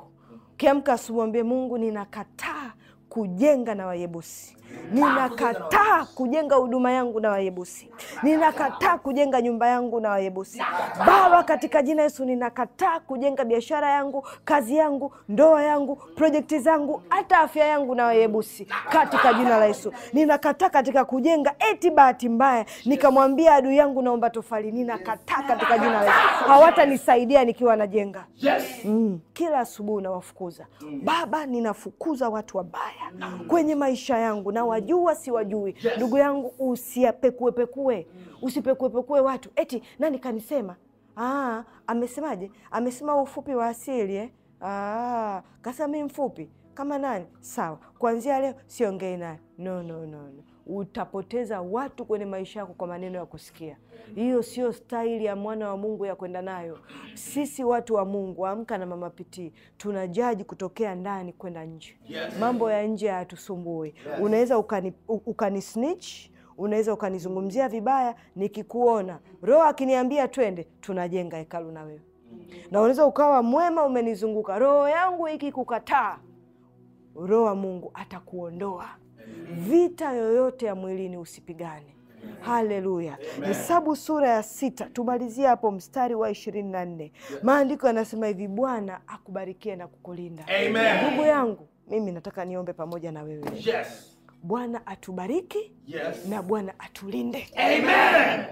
Speaker 1: Ukiamka asubuhi, mwambie Mungu, ninakataa kujenga na Wayebusi. Ninakataa kujenga huduma yangu na Wayebusi. Ninakataa kujenga nyumba yangu na Wayebusi. Baba, katika jina Yesu, ninakataa kujenga biashara yangu, kazi yangu, ndoa yangu, projekti zangu, hata afya yangu na Wayebusi, katika jina la Yesu. Ninakataa katika kujenga eti bahati mbaya nikamwambia adui yangu, naomba tofali. Ninakataa katika jina la Yesu, hawatanisaidia nikiwa najenga. Mm. Kila asubuhi unawafukuza mm. Baba, ninafukuza watu wabaya kwenye maisha yangu, na wajua siwajui. Ndugu yangu, usiapekuepekue mm. usipekuepekue watu eti nani kanisema, ah, amesemaje, amesema ufupi wa asili eh? Ah, kasema mfupi kama nani? Sawa, kuanzia leo siongei naye. No, no, no, no utapoteza watu kwenye maisha yako kwa maneno ya kusikia. Hiyo sio staili ya mwana wa Mungu ya kwenda nayo. Sisi watu wa Mungu, amka na mama Pitii, tunajaji kutokea ndani kwenda nje. Yes. Mambo ya nje hayatusumbui. Yes. Unaweza ukani, ukani snitch unaweza ukanizungumzia vibaya, nikikuona Roho akiniambia twende, tunajenga hekalu na wewe mm. na unaweza ukawa mwema, umenizunguka, roho yangu ikikukataa, roho wa Mungu atakuondoa. Vita yoyote ya mwilini usipigane. Haleluya! Hesabu sura ya sita, tumalizia hapo mstari wa ishirini na nne. Maandiko yanasema hivi, Bwana akubarikie na kukulinda. Ndugu yangu, mimi nataka niombe pamoja na wewe yes. Bwana atubariki yes. na Bwana atulinde Amen.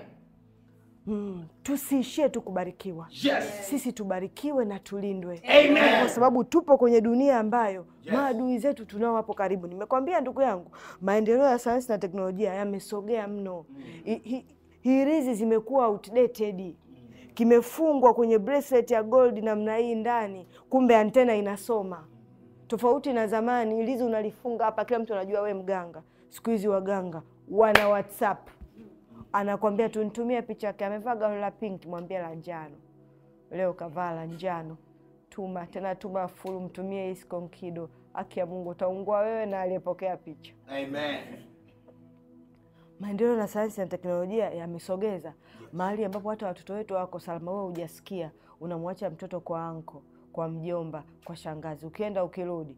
Speaker 1: Mm, tusiishie tu kubarikiwa. Yes. Sisi tubarikiwe na tulindwe. Amen. Kwa sababu tupo kwenye dunia ambayo yes, maadui zetu tunao hapo karibu. Nimekwambia ndugu yangu, maendeleo ya sayansi na teknolojia yamesogea mno. Mm. Hirizi zimekuwa outdated. Mm. Kimefungwa kwenye bracelet ya gold namna hii ndani, kumbe antena inasoma. Tofauti na zamani, ilizi unalifunga hapa, kila mtu anajua we mganga. Siku hizi waganga wana WhatsApp anakwambia tunitumie picha yake, amevaa gauni la pink, mwambie la njano. Leo kavaa la njano, tuma tena, tuma fulu, mtumie iskon kido. Haki ya Mungu utaungua wewe na aliyepokea picha. Amen. Maendeleo na sayansi na teknolojia yamesogeza mahali ambapo hata watoto wetu wako salama. Wewe hujasikia, unamwacha mtoto kwa anko, kwa mjomba, kwa shangazi, ukienda ukirudi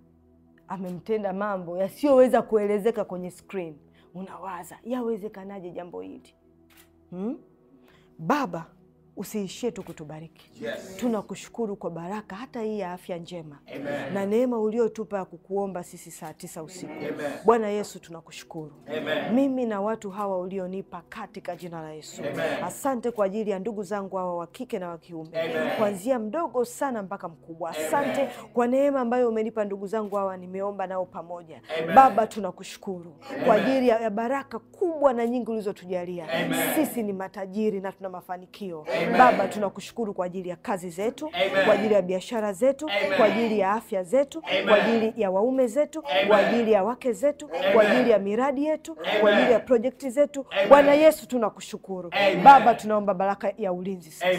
Speaker 1: amemtenda mambo yasiyoweza kuelezeka kwenye screen. Unawaza yawezekanaje jambo hili? hmm? Baba usiishie tu kutubariki yes. Tunakushukuru kwa baraka hata hii ya afya njema Amen. na neema uliotupa ya kukuomba sisi saa tisa usiku Bwana Yesu tunakushukuru Amen. Mimi na watu hawa ulionipa katika jina la Yesu Amen. Asante kwa ajili ya ndugu zangu hawa wa kike na wa kiume kuanzia mdogo sana mpaka mkubwa. Asante Amen. kwa neema ambayo umenipa ndugu zangu hawa nimeomba nao pamoja Amen. Baba tunakushukuru kwa ajili ya baraka kubwa na nyingi ulizotujalia sisi ni matajiri na tuna mafanikio Amen. Amen. Baba, tunakushukuru kwa ajili ya kazi zetu Amen. kwa ajili ya biashara zetu Amen. kwa ajili ya afya zetu Amen. kwa ajili ya waume zetu Amen. kwa ajili ya wake zetu Amen. kwa ajili ya miradi yetu Amen. kwa ajili ya projekti zetu Bwana Yesu tunakushukuru Amen. Baba, tunaomba baraka ya ulinzi sasa,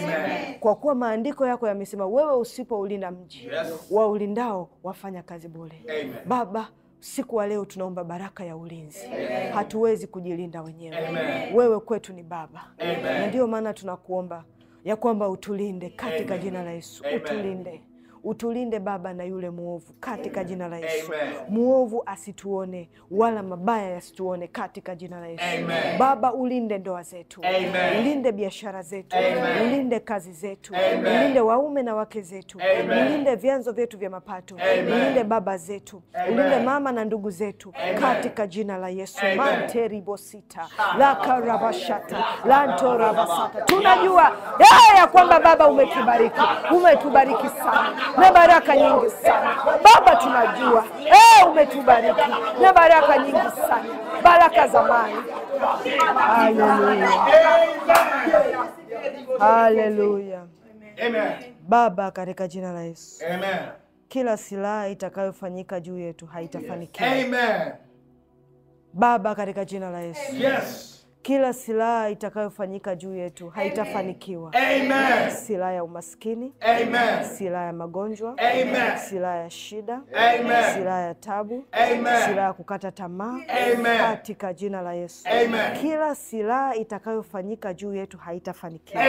Speaker 1: kwa kuwa maandiko yako yamesema wewe usipoulinda mji yes. waulindao wafanya kazi bure. Baba, siku wa leo tunaomba baraka ya ulinzi Amen. Hatuwezi kujilinda wenyewe Amen. Wewe kwetu ni Baba na ndiyo maana tunakuomba ya kwamba utulinde katika Amen. Jina la Yesu Amen. Utulinde Utulinde Baba na yule mwovu katika jina la Yesu. Mwovu asituone wala mabaya yasituone katika jina la Yesu. Amen. Baba, ulinde ndoa zetu. Amen. Ulinde biashara zetu. Amen. Ulinde kazi zetu. Amen. Ulinde waume na wake zetu. Amen. Ulinde vyanzo vyetu vya mapato. Amen. Ulinde baba zetu. Amen. Ulinde mama na ndugu zetu katika jina la Yesu. manteribosita lakarabashata lantorabasata tunajua eh, ya kwamba Baba umetubariki, umetubariki sana na baraka nyingi sana Baba, tunajua eh, umetubariki na baraka nyingi sana, baraka za mali. Haleluya,
Speaker 2: haleluya.
Speaker 1: Baba, katika jina la Yesu, Amen. Kila silaha itakayofanyika juu yetu haitafanikiwa. Amen. Baba, katika jina la Yesu, yes kila silaha itakayofanyika juu yetu haitafanikiwa. Silaha ya umaskini. Silaha ya magonjwa. Silaha ya shida. Silaha ya tabu. Silaha ya kukata tamaa. Katika jina la Yesu. Amen. Kila silaha itakayofanyika juu yetu haitafanikiwa.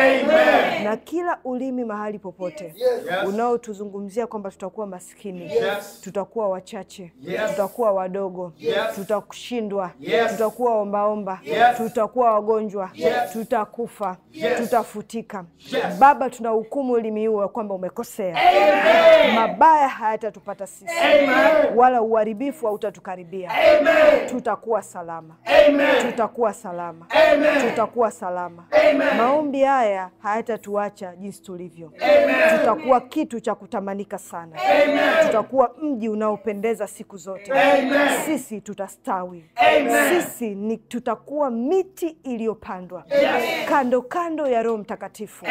Speaker 1: Na kila ulimi mahali popote yes, unaotuzungumzia kwamba tutakuwa maskini yes, tutakuwa wachache yes, tutakuwa wadogo yes, tutakushindwa yes, tutakuwa ombaomba yes, tuta tutakuwa wagonjwa yes. Tutakufa yes. Tutafutika yes. Baba, tuna hukumu ulimi huu kwamba umekosea. Amen. Mabaya hayatatupata sisi. Amen. Wala uharibifu hautatukaribia. Tutakuwa salama. Tutakuwa salama. Tutakuwa salama. Amen. Maombi haya hayatatuacha jinsi tulivyo. Amen. Tutakuwa kitu cha kutamanika sana. Amen. Tutakuwa mji unaopendeza siku zote. Amen. Sisi tutastawi. Amen. Sisi ni tutakuwa miti miti iliyopandwa kando kando ya Roho Mtakatifu.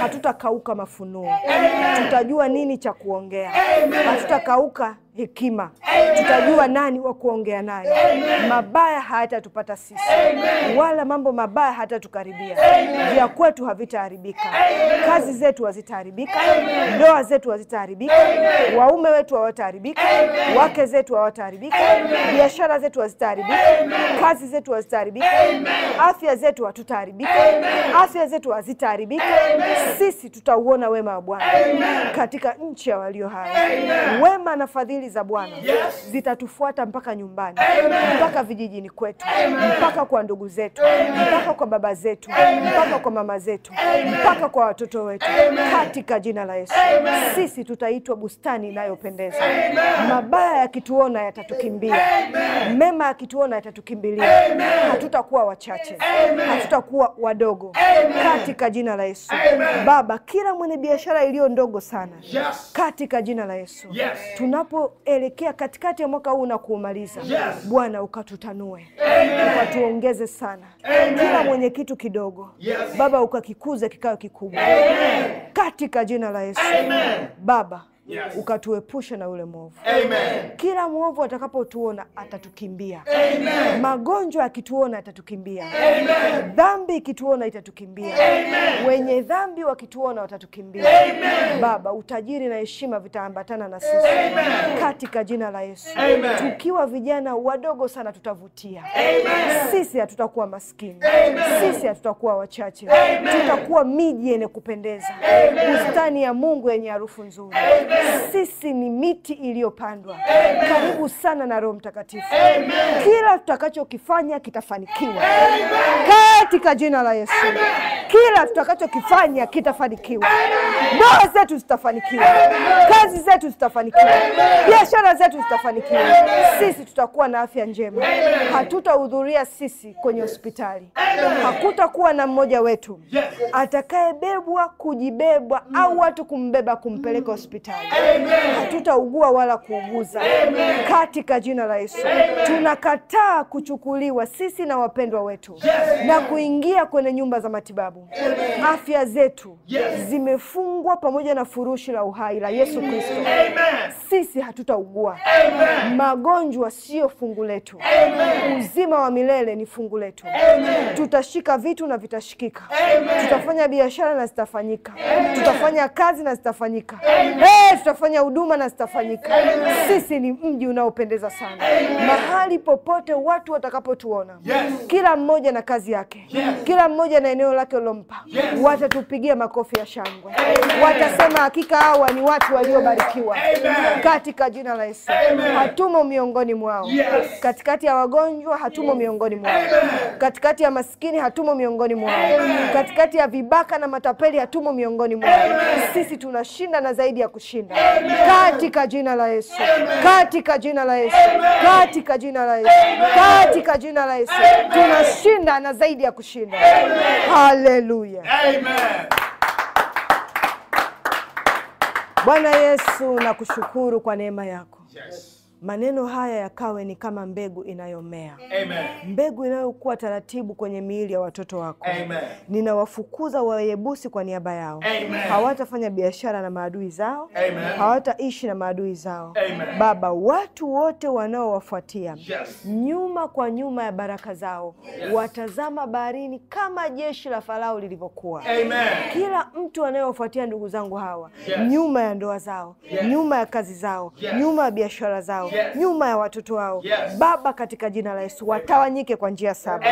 Speaker 1: Hatutakauka mafunuo. Tutajua nini cha kuongea. Hatutakauka hekima, tutajua nani wa kuongea naye. Mabaya hayatatupata sisi Amen. wala mambo mabaya hatatukaribia. Vya kwetu havitaharibika, kazi zetu hazitaharibika, ndoa zetu hazitaharibika, waume wetu hawataharibika, wake zetu hawataharibika, biashara zetu hazitaharibika, kazi zetu hazitaharibika, afya zetu hatutaharibika, afya zetu hazitaharibika. Sisi tutauona wema wa Bwana katika nchi ya walio hai, wema na fadhili Injili za Bwana yes. zitatufuata mpaka nyumbani Amen. mpaka vijijini kwetu Amen. mpaka kwa ndugu zetu Amen. mpaka kwa baba zetu Amen. mpaka kwa mama zetu Amen. mpaka kwa watoto wetu Amen. katika jina la Yesu Amen. sisi tutaitwa bustani inayopendeza. Mabaya yakituona yatatukimbia, mema yakituona yatatukimbilia. Hatutakuwa wachache, hatutakuwa wadogo Amen. katika jina la Yesu Amen. Baba, kila mwenye biashara iliyo ndogo sana yes. katika jina la Yesu yes. tunapo tunapoelekea katikati ya mwaka huu na kuumaliza, yes. Bwana ukatutanue, ukatuongeze sana, Amen. Kila mwenye kitu kidogo, yes. Baba ukakikuze kikawe kikubwa, katika jina la Yesu, Amen. Baba yes. ukatuepusha na yule mwovu Kila mwovu atakapotuona atatukimbia Amen. Magonjwa akituona atatukimbia Amen. Dhambi ikituona itatukimbia Amen. Wenye dhambi wakituona watatukimbia Amen. Baba, utajiri na heshima vitaambatana na sisi Amen. Katika jina la Yesu Amen. Tukiwa vijana wadogo sana tutavutia Amen. Sisi hatutakuwa maskini Amen. Sisi hatutakuwa wachache Amen. Tutakuwa miji yenye kupendeza Amen. Bustani ya Mungu yenye harufu nzuri Amen. Sisi ni miti iliyopandwa karibu sana na Roho Mtakatifu. Kila tutakachokifanya kitafanikiwa katika jina la Yesu. Amen. Kila tutakachokifanya kitafanikiwa. Amen ndoa zetu zitafanikiwa, kazi zetu zitafanikiwa, biashara zetu zitafanikiwa, sisi tutakuwa na afya njema, hatutahudhuria sisi kwenye hospitali, hakutakuwa na mmoja wetu atakayebebwa kujibebwa au watu kumbeba kumpeleka hospitali, hatutaugua wala kuuguza katika jina la Yesu. Tunakataa kuchukuliwa sisi na wapendwa wetu na kuingia kwenye nyumba za matibabu. Afya zetu zimefungwa Amefungwa pamoja na furushi la uhai la Yesu Kristo. Sisi hatutaugua. Magonjwa sio fungu letu. Uzima wa milele ni fungu letu. Tutashika vitu na vitashikika. Tutafanya biashara na zitafanyika. Tutafanya kazi na zitafanyika. Hey, tutafanya huduma na zitafanyika. Sisi ni mji unaopendeza sana. Amen. Mahali popote watu watakapotuona, yes. Kila mmoja na kazi yake, yes. Kila mmoja na eneo lake ulompa, yes. Watatupigia makofi ya shangwe. Amen watasema hakika hawa ni watu waliobarikiwa katika jina la Yesu. Hatumo miongoni mwao yes. Katikati ya wagonjwa hatumo miongoni mwao Amen. Katikati ya maskini hatumo miongoni mwao Amen. Katikati ya vibaka na matapeli hatumo miongoni mwao Amen. Sisi tunashinda na zaidi ya kushinda katika jina la Yesu, katika jina la Yesu, katika jina la Yesu, katika jina la Yesu tunashinda na zaidi ya kushinda. Haleluya. Bwana Yesu, nakushukuru kwa neema yako yes maneno haya yakawe ni kama mbegu inayomea. Amen. Mbegu inayokuwa taratibu kwenye miili ya watoto wako. Amen. Ninawafukuza Wayebusi kwa niaba yao. Hawatafanya biashara na maadui zao. Hawataishi na maadui zao. Amen. Baba, watu wote wanaowafuatia, yes, nyuma kwa nyuma ya baraka zao, yes, watazama baharini kama jeshi la Farao lilivyokuwa. Kila mtu anayewafuatia ndugu zangu hawa, yes, nyuma ya ndoa zao, yes, nyuma ya kazi zao, yes, nyuma ya biashara zao nyuma ya watoto wao yes. Baba, katika jina la Yesu watawanyike kwa njia saba,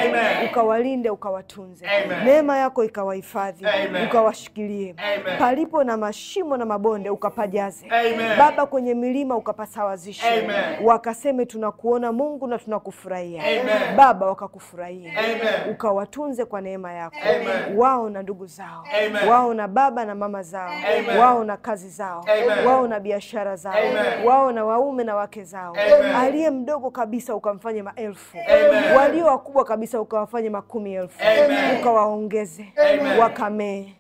Speaker 1: ukawalinde, ukawatunze, neema yako ikawahifadhi, ukawashikilie palipo na mashimo na mabonde, ukapajaze Amen. Baba, kwenye milima ukapasawazishe, wakaseme tunakuona Mungu na tunakufurahia Baba, wakakufurahia, ukawatunze kwa neema yako Amen. wao na ndugu zao Amen. wao na baba na mama zao Amen. wao na kazi zao Amen. wao na biashara zao Amen. wao na waume na wake zao zao, aliye mdogo kabisa ukamfanye maelfu, walio wakubwa kabisa ukawafanye makumi elfu, ukawaongeze, wakamee,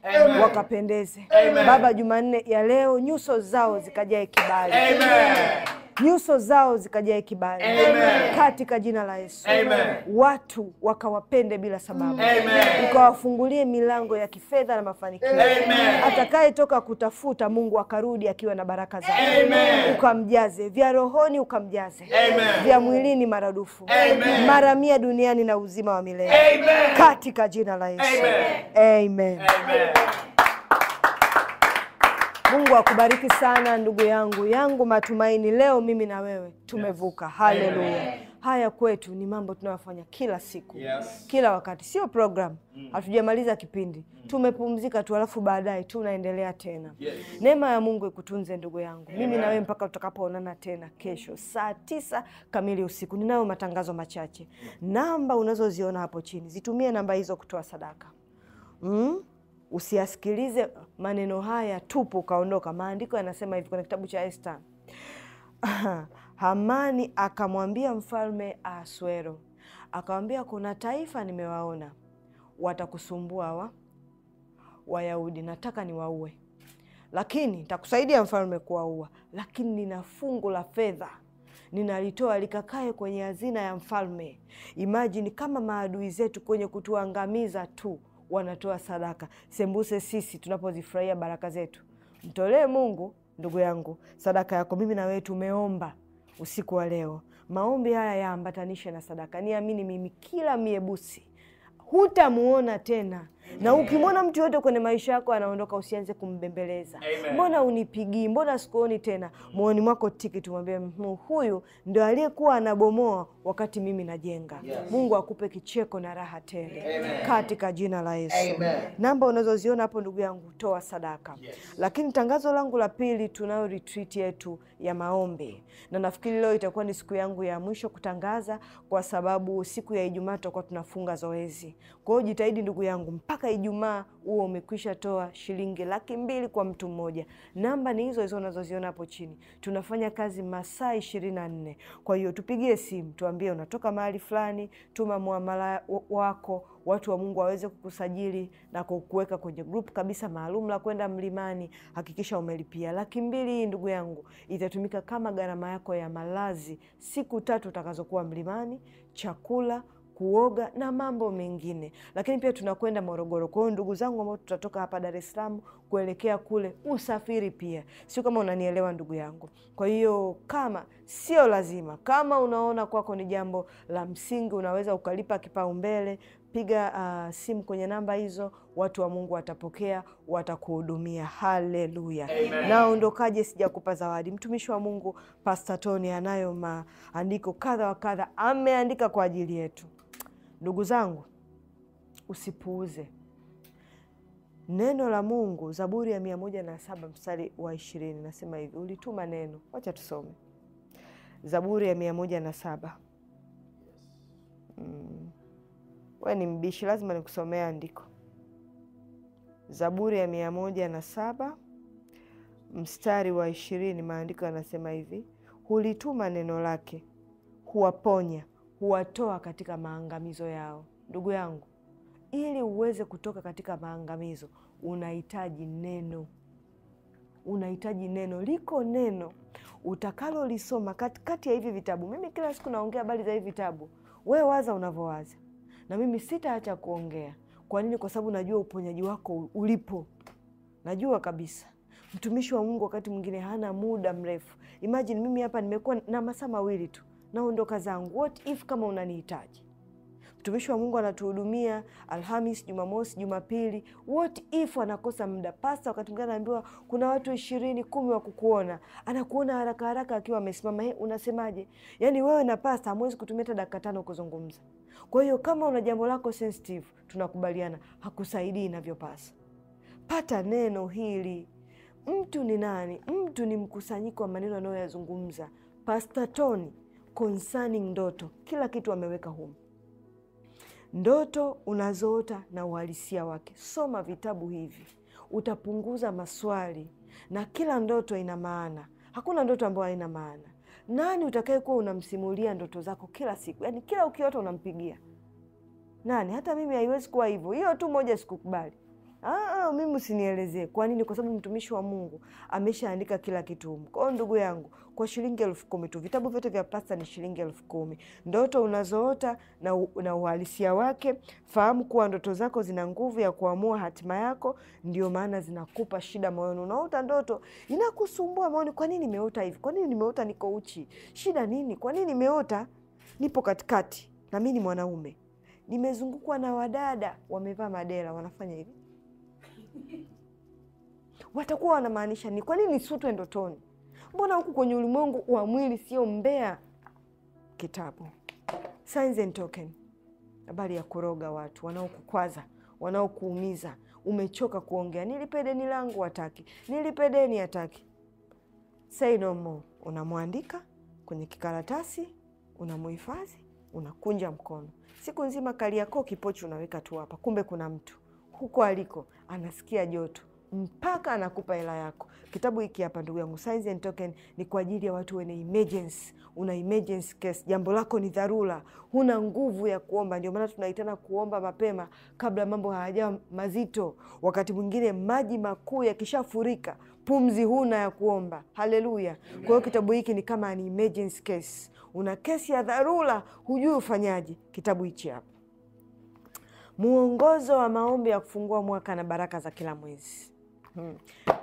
Speaker 1: wakapendeze. Baba, Jumanne ya leo nyuso zao zikajae kibali. Amen nyuso zao zikajae kibali katika jina la Yesu. Amen. Watu wakawapende bila sababu, mm. ukawafungulie milango ya kifedha na mafanikio. Atakayetoka kutafuta Mungu akarudi akiwa na baraka zake, ukamjaze vya rohoni, ukamjaze vya mwilini maradufu, mara mia duniani na uzima wa milele katika jina la Yesu. Amen. Amen. Amen. Mungu akubariki sana ndugu yangu yangu, matumaini leo mimi na wewe tumevuka. Yes. Haleluya! Haya kwetu ni mambo tunayofanya kila siku. Yes. Kila wakati, sio program. Mm. Hatujamaliza kipindi. Mm. Tumepumzika tu, alafu baadaye tunaendelea tena. Yes. Neema ya Mungu ikutunze ndugu yangu. Amen. Mimi na wewe mpaka tutakapoonana tena kesho saa tisa kamili usiku. Ninayo matangazo machache. Mm. Namba unazoziona hapo chini, zitumie namba hizo kutoa sadaka. Mm? usiasikilize maneno haya tupu ukaondoka. Maandiko yanasema hivi kwenye kitabu cha Esta. Hamani akamwambia mfalme Ahasuero, akamwambia kuna taifa nimewaona, watakusumbua wa Wayahudi, nataka niwaue, lakini nitakusaidia mfalme kuwaua, lakini nina fungu la fedha ninalitoa likakae kwenye hazina ya mfalme. Imajini kama maadui zetu kwenye kutuangamiza tu wanatoa sadaka. Sembuse sisi tunapozifurahia baraka zetu, mtolee Mungu ndugu yangu sadaka yako. Mimi na wewe tumeomba usiku wa leo, maombi haya yaambatanishe na sadaka. Niamini mimi, kila miebusi hutamuona tena na ukimwona mtu yote kwenye maisha yako anaondoka, usianze kumbembeleza, mbona unipigii, mbona sikuoni tena, moyoni mwako tiki, tumwambie mm, huyu ndo aliyekuwa anabomoa wakati mimi najenga. Yes. Mungu akupe kicheko na raha tele katika jina la Yesu. Amen. Namba unazoziona hapo ndugu yangu, toa sadaka. Yes. Lakini tangazo langu la pili, tunayo retreat yetu ya maombi, na nafikiri leo itakuwa ni siku yangu ya mwisho kutangaza, kwa sababu siku ya Ijumaa tutakuwa tunafunga zoezi. Kwa hiyo jitahidi ndugu yangu mpaka mpaka Ijumaa huo umekwisha toa shilingi laki mbili kwa mtu mmoja. Namba ni hizo hizo unazoziona hapo chini. Tunafanya kazi masaa ishirini na nne. Kwa hiyo tupigie simu, tuambie unatoka mahali fulani, tuma muamala wako watu wa Mungu waweze kukusajili na kukuweka kwenye group kabisa maalum la kwenda mlimani. Hakikisha umelipia laki mbili hii, ndugu yangu, itatumika kama gharama yako ya malazi siku tatu utakazokuwa mlimani, chakula kuoga na mambo mengine, lakini pia tunakwenda Morogoro. Kwa hiyo ndugu zangu ambao tutatoka hapa Dar es Salaam kuelekea kule, usafiri pia, sio kama unanielewa ndugu yangu. Kwa hiyo kama sio lazima, kama unaona kwako ni jambo la msingi, unaweza ukalipa kipaumbele, piga uh, simu kwenye namba hizo, watu wa Mungu watapokea, watakuhudumia. Haleluya! Naondokaje sijakupa zawadi? Mtumishi wa Mungu Pastor Tony anayo maandiko kadha wa kadha, ameandika kwa ajili yetu. Ndugu zangu, usipuuze neno la Mungu. Zaburi ya mia moja na saba mstari wa ishirini nasema hivi, ulituma neno. Wacha tusome Zaburi ya mia moja na saba. Mm, we ni mbishi, lazima nikusomea andiko. Zaburi ya mia moja na saba mstari wa ishirini, maandiko yanasema hivi, hulituma neno lake, huwaponya huwatoa katika maangamizo yao. Ndugu yangu, ili uweze kutoka katika maangamizo unahitaji neno, unahitaji neno. Liko neno utakalolisoma katikati ya hivi vitabu. Mimi kila siku naongea habari za hivi vitabu, we waza unavyowaza, na mimi sitaacha kuongea. Kwa nini? Kwa sababu najua uponyaji wako ulipo, najua kabisa mtumishi wa Mungu wakati mwingine hana muda mrefu. Imagine mimi hapa nimekuwa na masaa mawili tu naondoka zangu, what if kama unanihitaji. Mtumishi wa Mungu anatuhudumia Alhamis, Jumamosi, Jumapili. What if anakosa muda? Pasta wakati mwingine anaambiwa kuna watu ishirini, kumi wa kukuona, anakuona haraka haraka akiwa amesimama. Hey, unasemaje? Yaani wewe na pasta hamwezi kutumia hata dakika tano kuzungumza. Kwa hiyo kama una jambo lako sensitive, tunakubaliana hakusaidii inavyopasa. Pata neno hili, mtu ni nani? Mtu ni mkusanyiko wa maneno anayoyazungumza. Pasta Tony concerning ndoto, kila kitu ameweka humu. Ndoto unazoota na uhalisia wake. Soma vitabu hivi, utapunguza maswali, na kila ndoto ina maana. Hakuna ndoto ambayo haina maana. Nani utakayekuwa unamsimulia ndoto zako kila siku? Yaani kila ukiota unampigia nani? Hata mimi haiwezi kuwa hivyo. Hiyo tu moja sikukubali. Aa, ah, mimi usinielezee. Kwa nini? Kwa sababu mtumishi wa Mungu ameshaandika kila kitu humu. Kwa ndugu yangu, kwa shilingi elfu kumi tu vitabu vyote vya pasta ni shilingi elfu kumi. Ndoto unazoota na, na uhalisia wake, fahamu kuwa ndoto zako zina nguvu ya kuamua hatima yako. Ndio maana zinakupa shida moyoni. Unaota ndoto inakusumbua moyoni, kwa nini nimeota hivi? Kwa nini nimeota niko uchi? Shida nini? Kwa nini nimeota nipo katikati na mimi ni mwanaume, nimezungukwa na wadada wamevaa madela, wanafanya hivi Watakuwa wanamaanisha ni kwa nini sutwe ndotoni? Mbona huku kwenye ulimwengu wa mwili sio mbea? Kitabu Signs and Token, habari ya kuroga watu wanaokukwaza, wanaokuumiza, umechoka kuongea, nilipedeni langu wataki nilipedeni ataki hataki. Say no more. Unamwandika kwenye kikaratasi, unamuhifadhi, unakunja mkono. Siku nzima Kariakoo kipochi unaweka tu hapa, kumbe kuna mtu huko aliko anasikia joto mpaka anakupa hela yako. Kitabu hiki hapa, ndugu yangu, Signs and Token ni kwa ajili ya watu wenye emergency. Una emergency case, jambo lako ni dharura, huna nguvu ya kuomba. Ndio maana tunaitana kuomba mapema, kabla mambo hayajawa mazito. Wakati mwingine maji makuu yakishafurika, pumzi huna ya kuomba. Haleluya! Kwa hiyo kitabu hiki ni kama ni emergency case, una kesi ya dharura, hujui ufanyaje. Kitabu hichi hapa Muongozo wa maombi ya kufungua mwaka na baraka za kila mwezi. Hmm.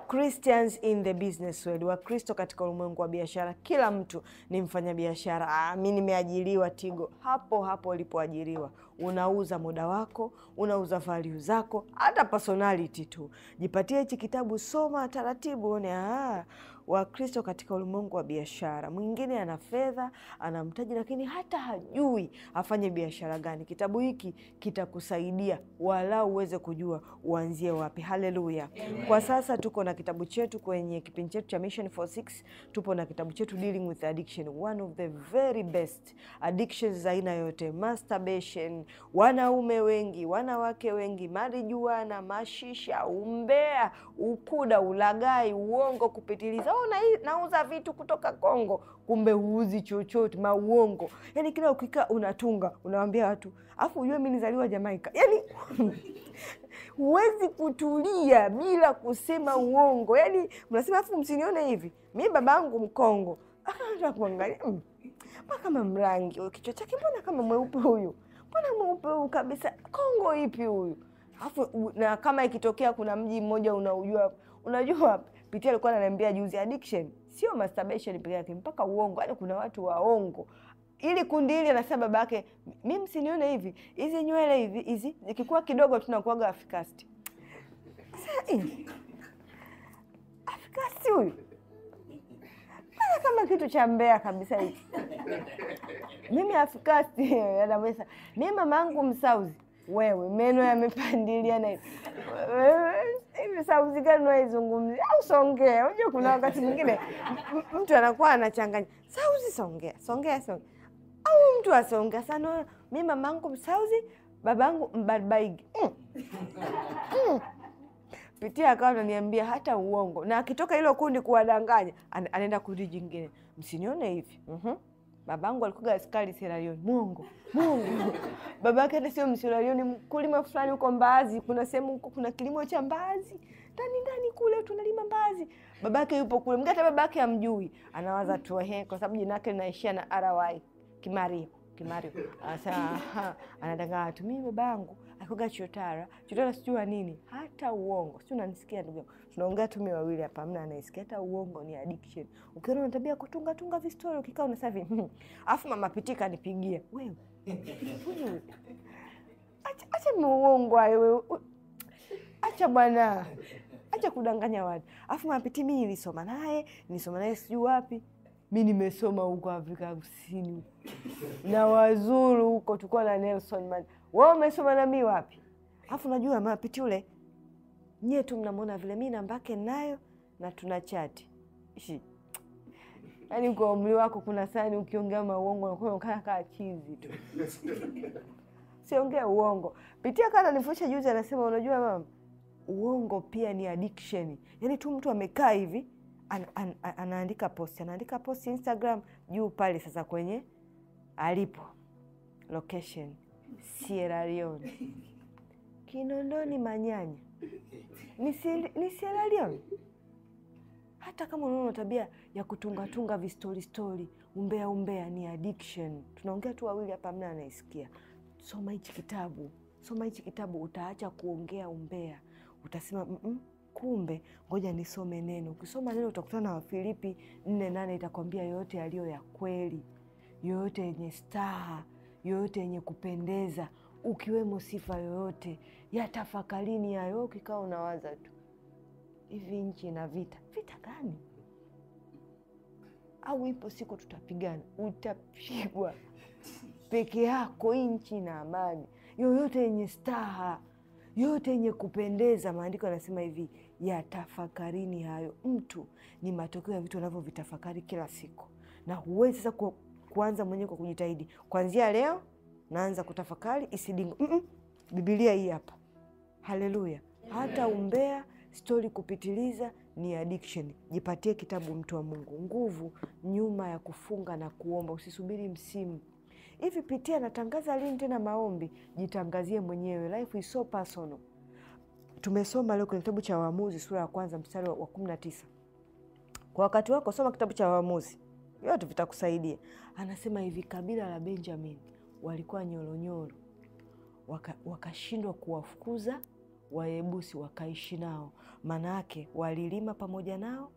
Speaker 1: Christians in the business world, Wakristo katika ulimwengu wa biashara. Kila mtu ni mfanyabiashara. Ah, mi nimeajiriwa Tigo. Hapo hapo ulipoajiriwa unauza muda wako, unauza value zako, hata personality tu. Jipatie hichi kitabu, soma taratibu, one ah, Wakristo katika ulimwengu wa biashara. Mwingine ana fedha, ana mtaji, lakini hata hajui afanye biashara gani. Kitabu hiki kitakusaidia walau uweze kujua uanzie wapi. Haleluya! Kwa sasa tuko na kitabu chetu kwenye kipindi chetu cha Mission 46 tupo na kitabu chetu Dealing with Addiction, one of the very best addictions za aina yote, masturbation, wanaume wengi, wanawake wengi, marijuana, mashisha, umbea, ukuda, ulagai, uongo kupitiliza oh, na nauza vitu kutoka Kongo, kumbe huuzi chochote, mauongo. Yani kila ukikaa unatunga, unawaambia watu, afu ujue mi nizaliwa Jamaika. Yani huwezi kutulia bila kusema uongo. Yani mnasema afu msinione hivi, mi babangu Mkongo. Ah, kuangalia hmm, kama mrangi kichwa chake, mbona kama mweupe huyu, mbona mweupe huyu kabisa, Kongo ipi huyu? Afu na kama ikitokea kuna mji mmoja unaujua, unajua Pitia alikuwa ananiambia juzi, addiction sio masturbation peke yake, mpaka uongo. Yani kuna watu waongo ili kundi hili anasema baba yake, mimi msinione hivi, hizi nywele hivi hizi zikikuwa kidogo tunakuaga afikasti. Eh, afikasti huyu ana kama kitu cha mbea kabisa hiki. mimi afikasti anamwesa mimi mamangu msauzi wewe meno yamepandilia na hivi sauti gani unaizungumzia? Au songea. Unajua kuna wakati mwingine mtu anakuwa anachanganya sauti, songea songea songea, au mtu asongea sana. Mi mamangu msauzi, babangu mbarbaigi mm. mm. Pitia akawa ananiambia hata uongo, na akitoka hilo kundi kuwadanganya, anaenda kundi jingine, msinione hivi mm -hmm babangu alikuwa askari Sierra Leone. Mungu, Mungu. yake hata sio Sierra Leone, mkulima fulani huko Mbazi, kuna sehemu huko kuna kilimo cha mbazi. Ndani ndani kule tunalima mbazi. Babake yupo kule. Mgata babake amjui. Anawaza tu ehe kwa sababu jina lake linaishia na RY. Kimario, Kimario. Sasa anadanganya tu mimi babangu nakoga chotara chotara, sijua nini, hata uongo. si unanisikia ndugu yangu, tunaongea tu mimi wawili hapa, mna anaisikia. Hata uongo ni addiction. Ukiona una tabia kutunga tunga vistori, ukikaa una savi, hmm, afu mama pitika nipigie wewe, acha acha uongo wewe, acha bwana, acha kudanganya watu. Afu mama pitii mimi nilisoma naye, nilisoma naye sijui wapi mi nimesoma huko Afrika Kusini na wazuru huko, tulikuwa na Nelson Mandela wewe umesoma na mimi wapi? Alafu najua mapiti yule nyie tu mnamwona vile, mimi nambake nayo na tuna chati. Yaani kwa umri wako kuna sani ukiongea mauongo unakuwa kaa chizi tu. Siongea uongo. Pitia kana nifusha juzi, anasema unajua mama, uongo pia ni addiction. Yaani tu mtu amekaa hivi an, an, an, anaandika post, anaandika post Instagram juu pale sasa kwenye alipo location Sierra Leone, Kinondoni manyanya ni Sierra Leone. Hata kama unaona tabia ya kutungatunga vistori stori, umbea umbea, ni addiction. Tunaongea tu wawili hapa, mna anaisikia. Soma hichi kitabu, soma hichi kitabu, utaacha kuongea umbea, utasema mm -mm, kumbe ngoja nisome neno. Ukisoma neno utakutana na Wafilipi nne nane, itakwambia yoyote yaliyo ya kweli, yoyote yenye staha yoyote yenye kupendeza, ukiwemo sifa yoyote. ya tafakarini hayo, ukikaa unawaza tu hivi nchi ina vita. Vita gani? Au ipo siku tutapigana? Utapigwa peke yako. Hii nchi ina amani. Yoyote yenye staha, yoyote yenye kupendeza, maandiko yanasema hivi, ya tafakarini hayo. Mtu ni matokeo ya vitu anavyovitafakari kila siku, na huwezi sasa kuanza mwenyewe kwa kujitahidi. Kuanzia leo naanza kutafakari isidingo. Mm -mm. Biblia hii hapa. Haleluya. Hata umbea, stori kupitiliza ni addiction. Jipatie kitabu, mtu wa Mungu. Nguvu nyuma ya kufunga na kuomba, usisubiri msimu. Hivi pitia natangaza lini tena maombi? Jitangazie mwenyewe. Life is so personal. Tumesoma leo kwenye kitabu cha Waamuzi sura ya kwanza mstari wa 19. Kwa wakati wako soma kitabu cha Waamuzi vyote vitakusaidia. Anasema hivi, kabila la Benjamin walikuwa nyoronyoro, wakashindwa waka kuwafukuza Wayebusi, wakaishi nao. Maana yake walilima pamoja nao,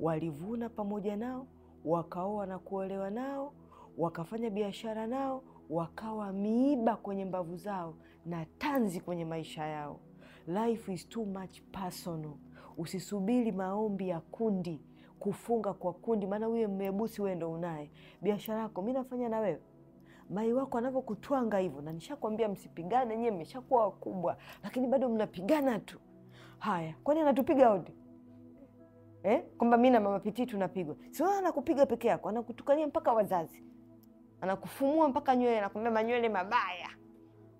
Speaker 1: walivuna pamoja nao, wakaoa na kuolewa nao, wakafanya biashara nao, wakawa miiba kwenye mbavu zao na tanzi kwenye maisha yao. Life is too much personal. Usisubiri maombi ya kundi kufunga kwa kundi, maana huyo mmebusi wewe ndo unaye biashara yako, mi nafanya na wewe mai wako anavyokutwanga hivyo, na nishakwambia msipigane, nyie mmeshakuwa wakubwa, lakini bado mnapigana tu. Haya, kwani anatupiga wote eh? Kwamba mi na mama pitii tunapigwa? Sio, anakupiga peke yako, anakutukania mpaka wazazi, anakufumua mpaka nywele, anakwambia manywele mabaya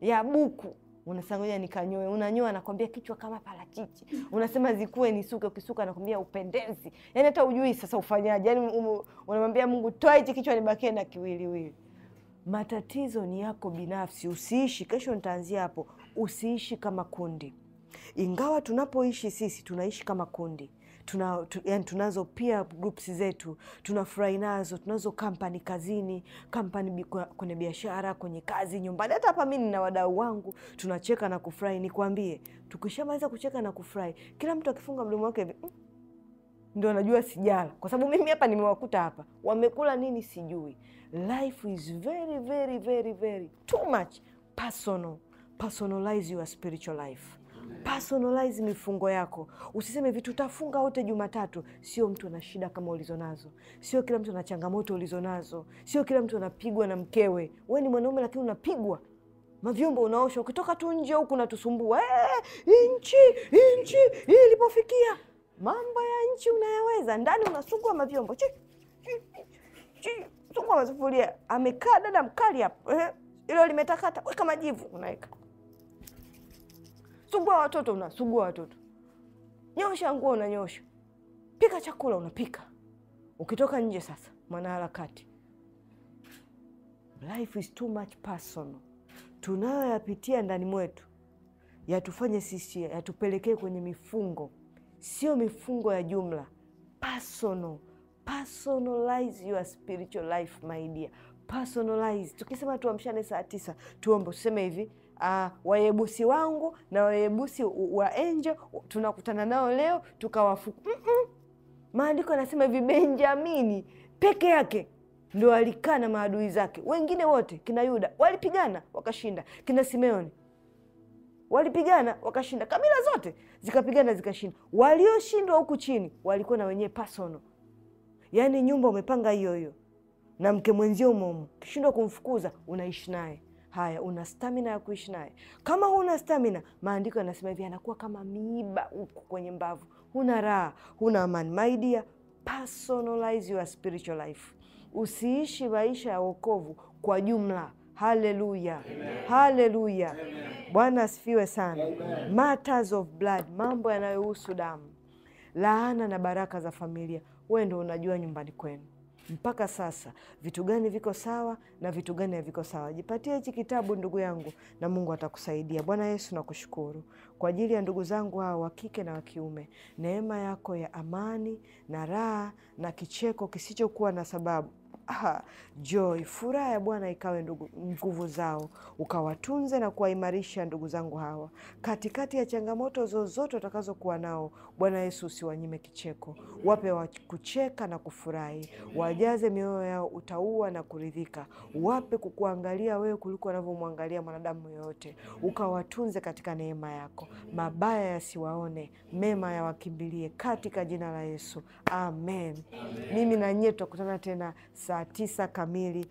Speaker 1: ya buku unasema ngoja nikanyoe, unanyoa anakwambia kichwa kama parachichi, unasema zikue nisuke, ukisuka anakwambia upendezi, yani hata ujui sasa ufanyaje, yani unamwambia Mungu toa hichi kichwa nibakie na kiwiliwili. Matatizo ni yako binafsi, usiishi kesho. Nitaanzia hapo, usiishi kama kundi, ingawa tunapoishi sisi tunaishi kama kundi tuna, tu, yani tunazo pia groups zetu tunafurahi nazo, tunazo kampani kazini, kampani kwenye biashara, kwenye kazi, nyumbani. Hata hapa mimi nina wadau wangu tunacheka na kufurahi. Nikwambie, tukishamaliza kucheka na kufurahi, kila mtu akifunga mdomo wake hivi mm, ndio anajua sijala, kwa sababu mimi hapa nimewakuta hapa, wamekula nini sijui. Life is very very very very too much personal. Personalize your spiritual life personalize mifungo yako. Usiseme vitu tafunga wote Jumatatu. Sio mtu ana shida kama ulizonazo, sio kila mtu ana changamoto ulizonazo, sio kila mtu anapigwa na mkewe. We ni mwanaume lakini unapigwa mavyombo unaosha, ukitoka tu nje huku natusumbua. Hey, eh, nchi nchi hii ilipofikia, mambo ya nchi unayaweza, ndani unasugua mavyombo chi, chi, sugua masufuria. Amekaa dada mkali hapo, eh, hilo limetakata, weka majivu, unaweka Sugua watoto, unasugua watoto. Nyosha nguo, unanyosha. Pika chakula, unapika. Ukitoka nje sasa, mwanaharakati. Life is too much personal. Tunayoyapitia ndani mwetu yatufanye sisi, yatupelekee kwenye mifungo, sio mifungo ya jumla. Personal, personalize your spiritual life my dear, personalize. Tukisema tuamshane saa tisa, tuombe, tuseme hivi uh, Wayebusi wangu na Wayebusi wa Enje tunakutana nao leo tukawafuku. mm -mm. Maandiko yanasema hivi, Benjamini peke yake ndo alikaa na maadui zake, wengine wote kina Yuda walipigana wakashinda, kina Simeoni walipigana wakashinda, kabila zote zikapigana zikashinda. Walioshindwa huku chini walikuwa na wenyewe pasono, yaani nyumba umepanga hiyo hiyo na mke mwenzio momo ukishindwa kumfukuza unaishi naye. Haya, una stamina ya kuishi naye? Kama huna stamina, maandiko yanasema hivi, anakuwa kama miiba huku kwenye mbavu. Huna raha, huna amani. My dear, personalize your spiritual life. Usiishi maisha ya wokovu kwa jumla. Haleluya, haleluya! Bwana asifiwe sana. Amen. Matters of blood, mambo yanayohusu damu, laana na baraka za familia, wewe ndo unajua nyumbani kwenu mpaka sasa, vitu gani viko sawa na vitu gani haviko sawa. Jipatie hichi kitabu ndugu yangu, na Mungu atakusaidia. Bwana Yesu, nakushukuru kwa ajili ya ndugu zangu hao wa kike na wa kiume. Neema yako ya amani na raha na kicheko kisichokuwa na sababu Aha, joy furaha ya Bwana ikawe ndugu nguvu zao, ukawatunze na kuwaimarisha ndugu zangu hawa katikati ya changamoto zozote utakazokuwa nao, Bwana Yesu, usiwanyime kicheko, wape wa kucheka na kufurahi, wajaze mioyo yao utaua na kuridhika, wape kukuangalia wewe kuliko wanavyomwangalia mwanadamu yoyote, ukawatunze katika neema yako, mabaya yasiwaone, mema yawakimbilie, katika jina la Yesu, amen, amen. Mimi na nyie tutakutana tena saa tisa kamili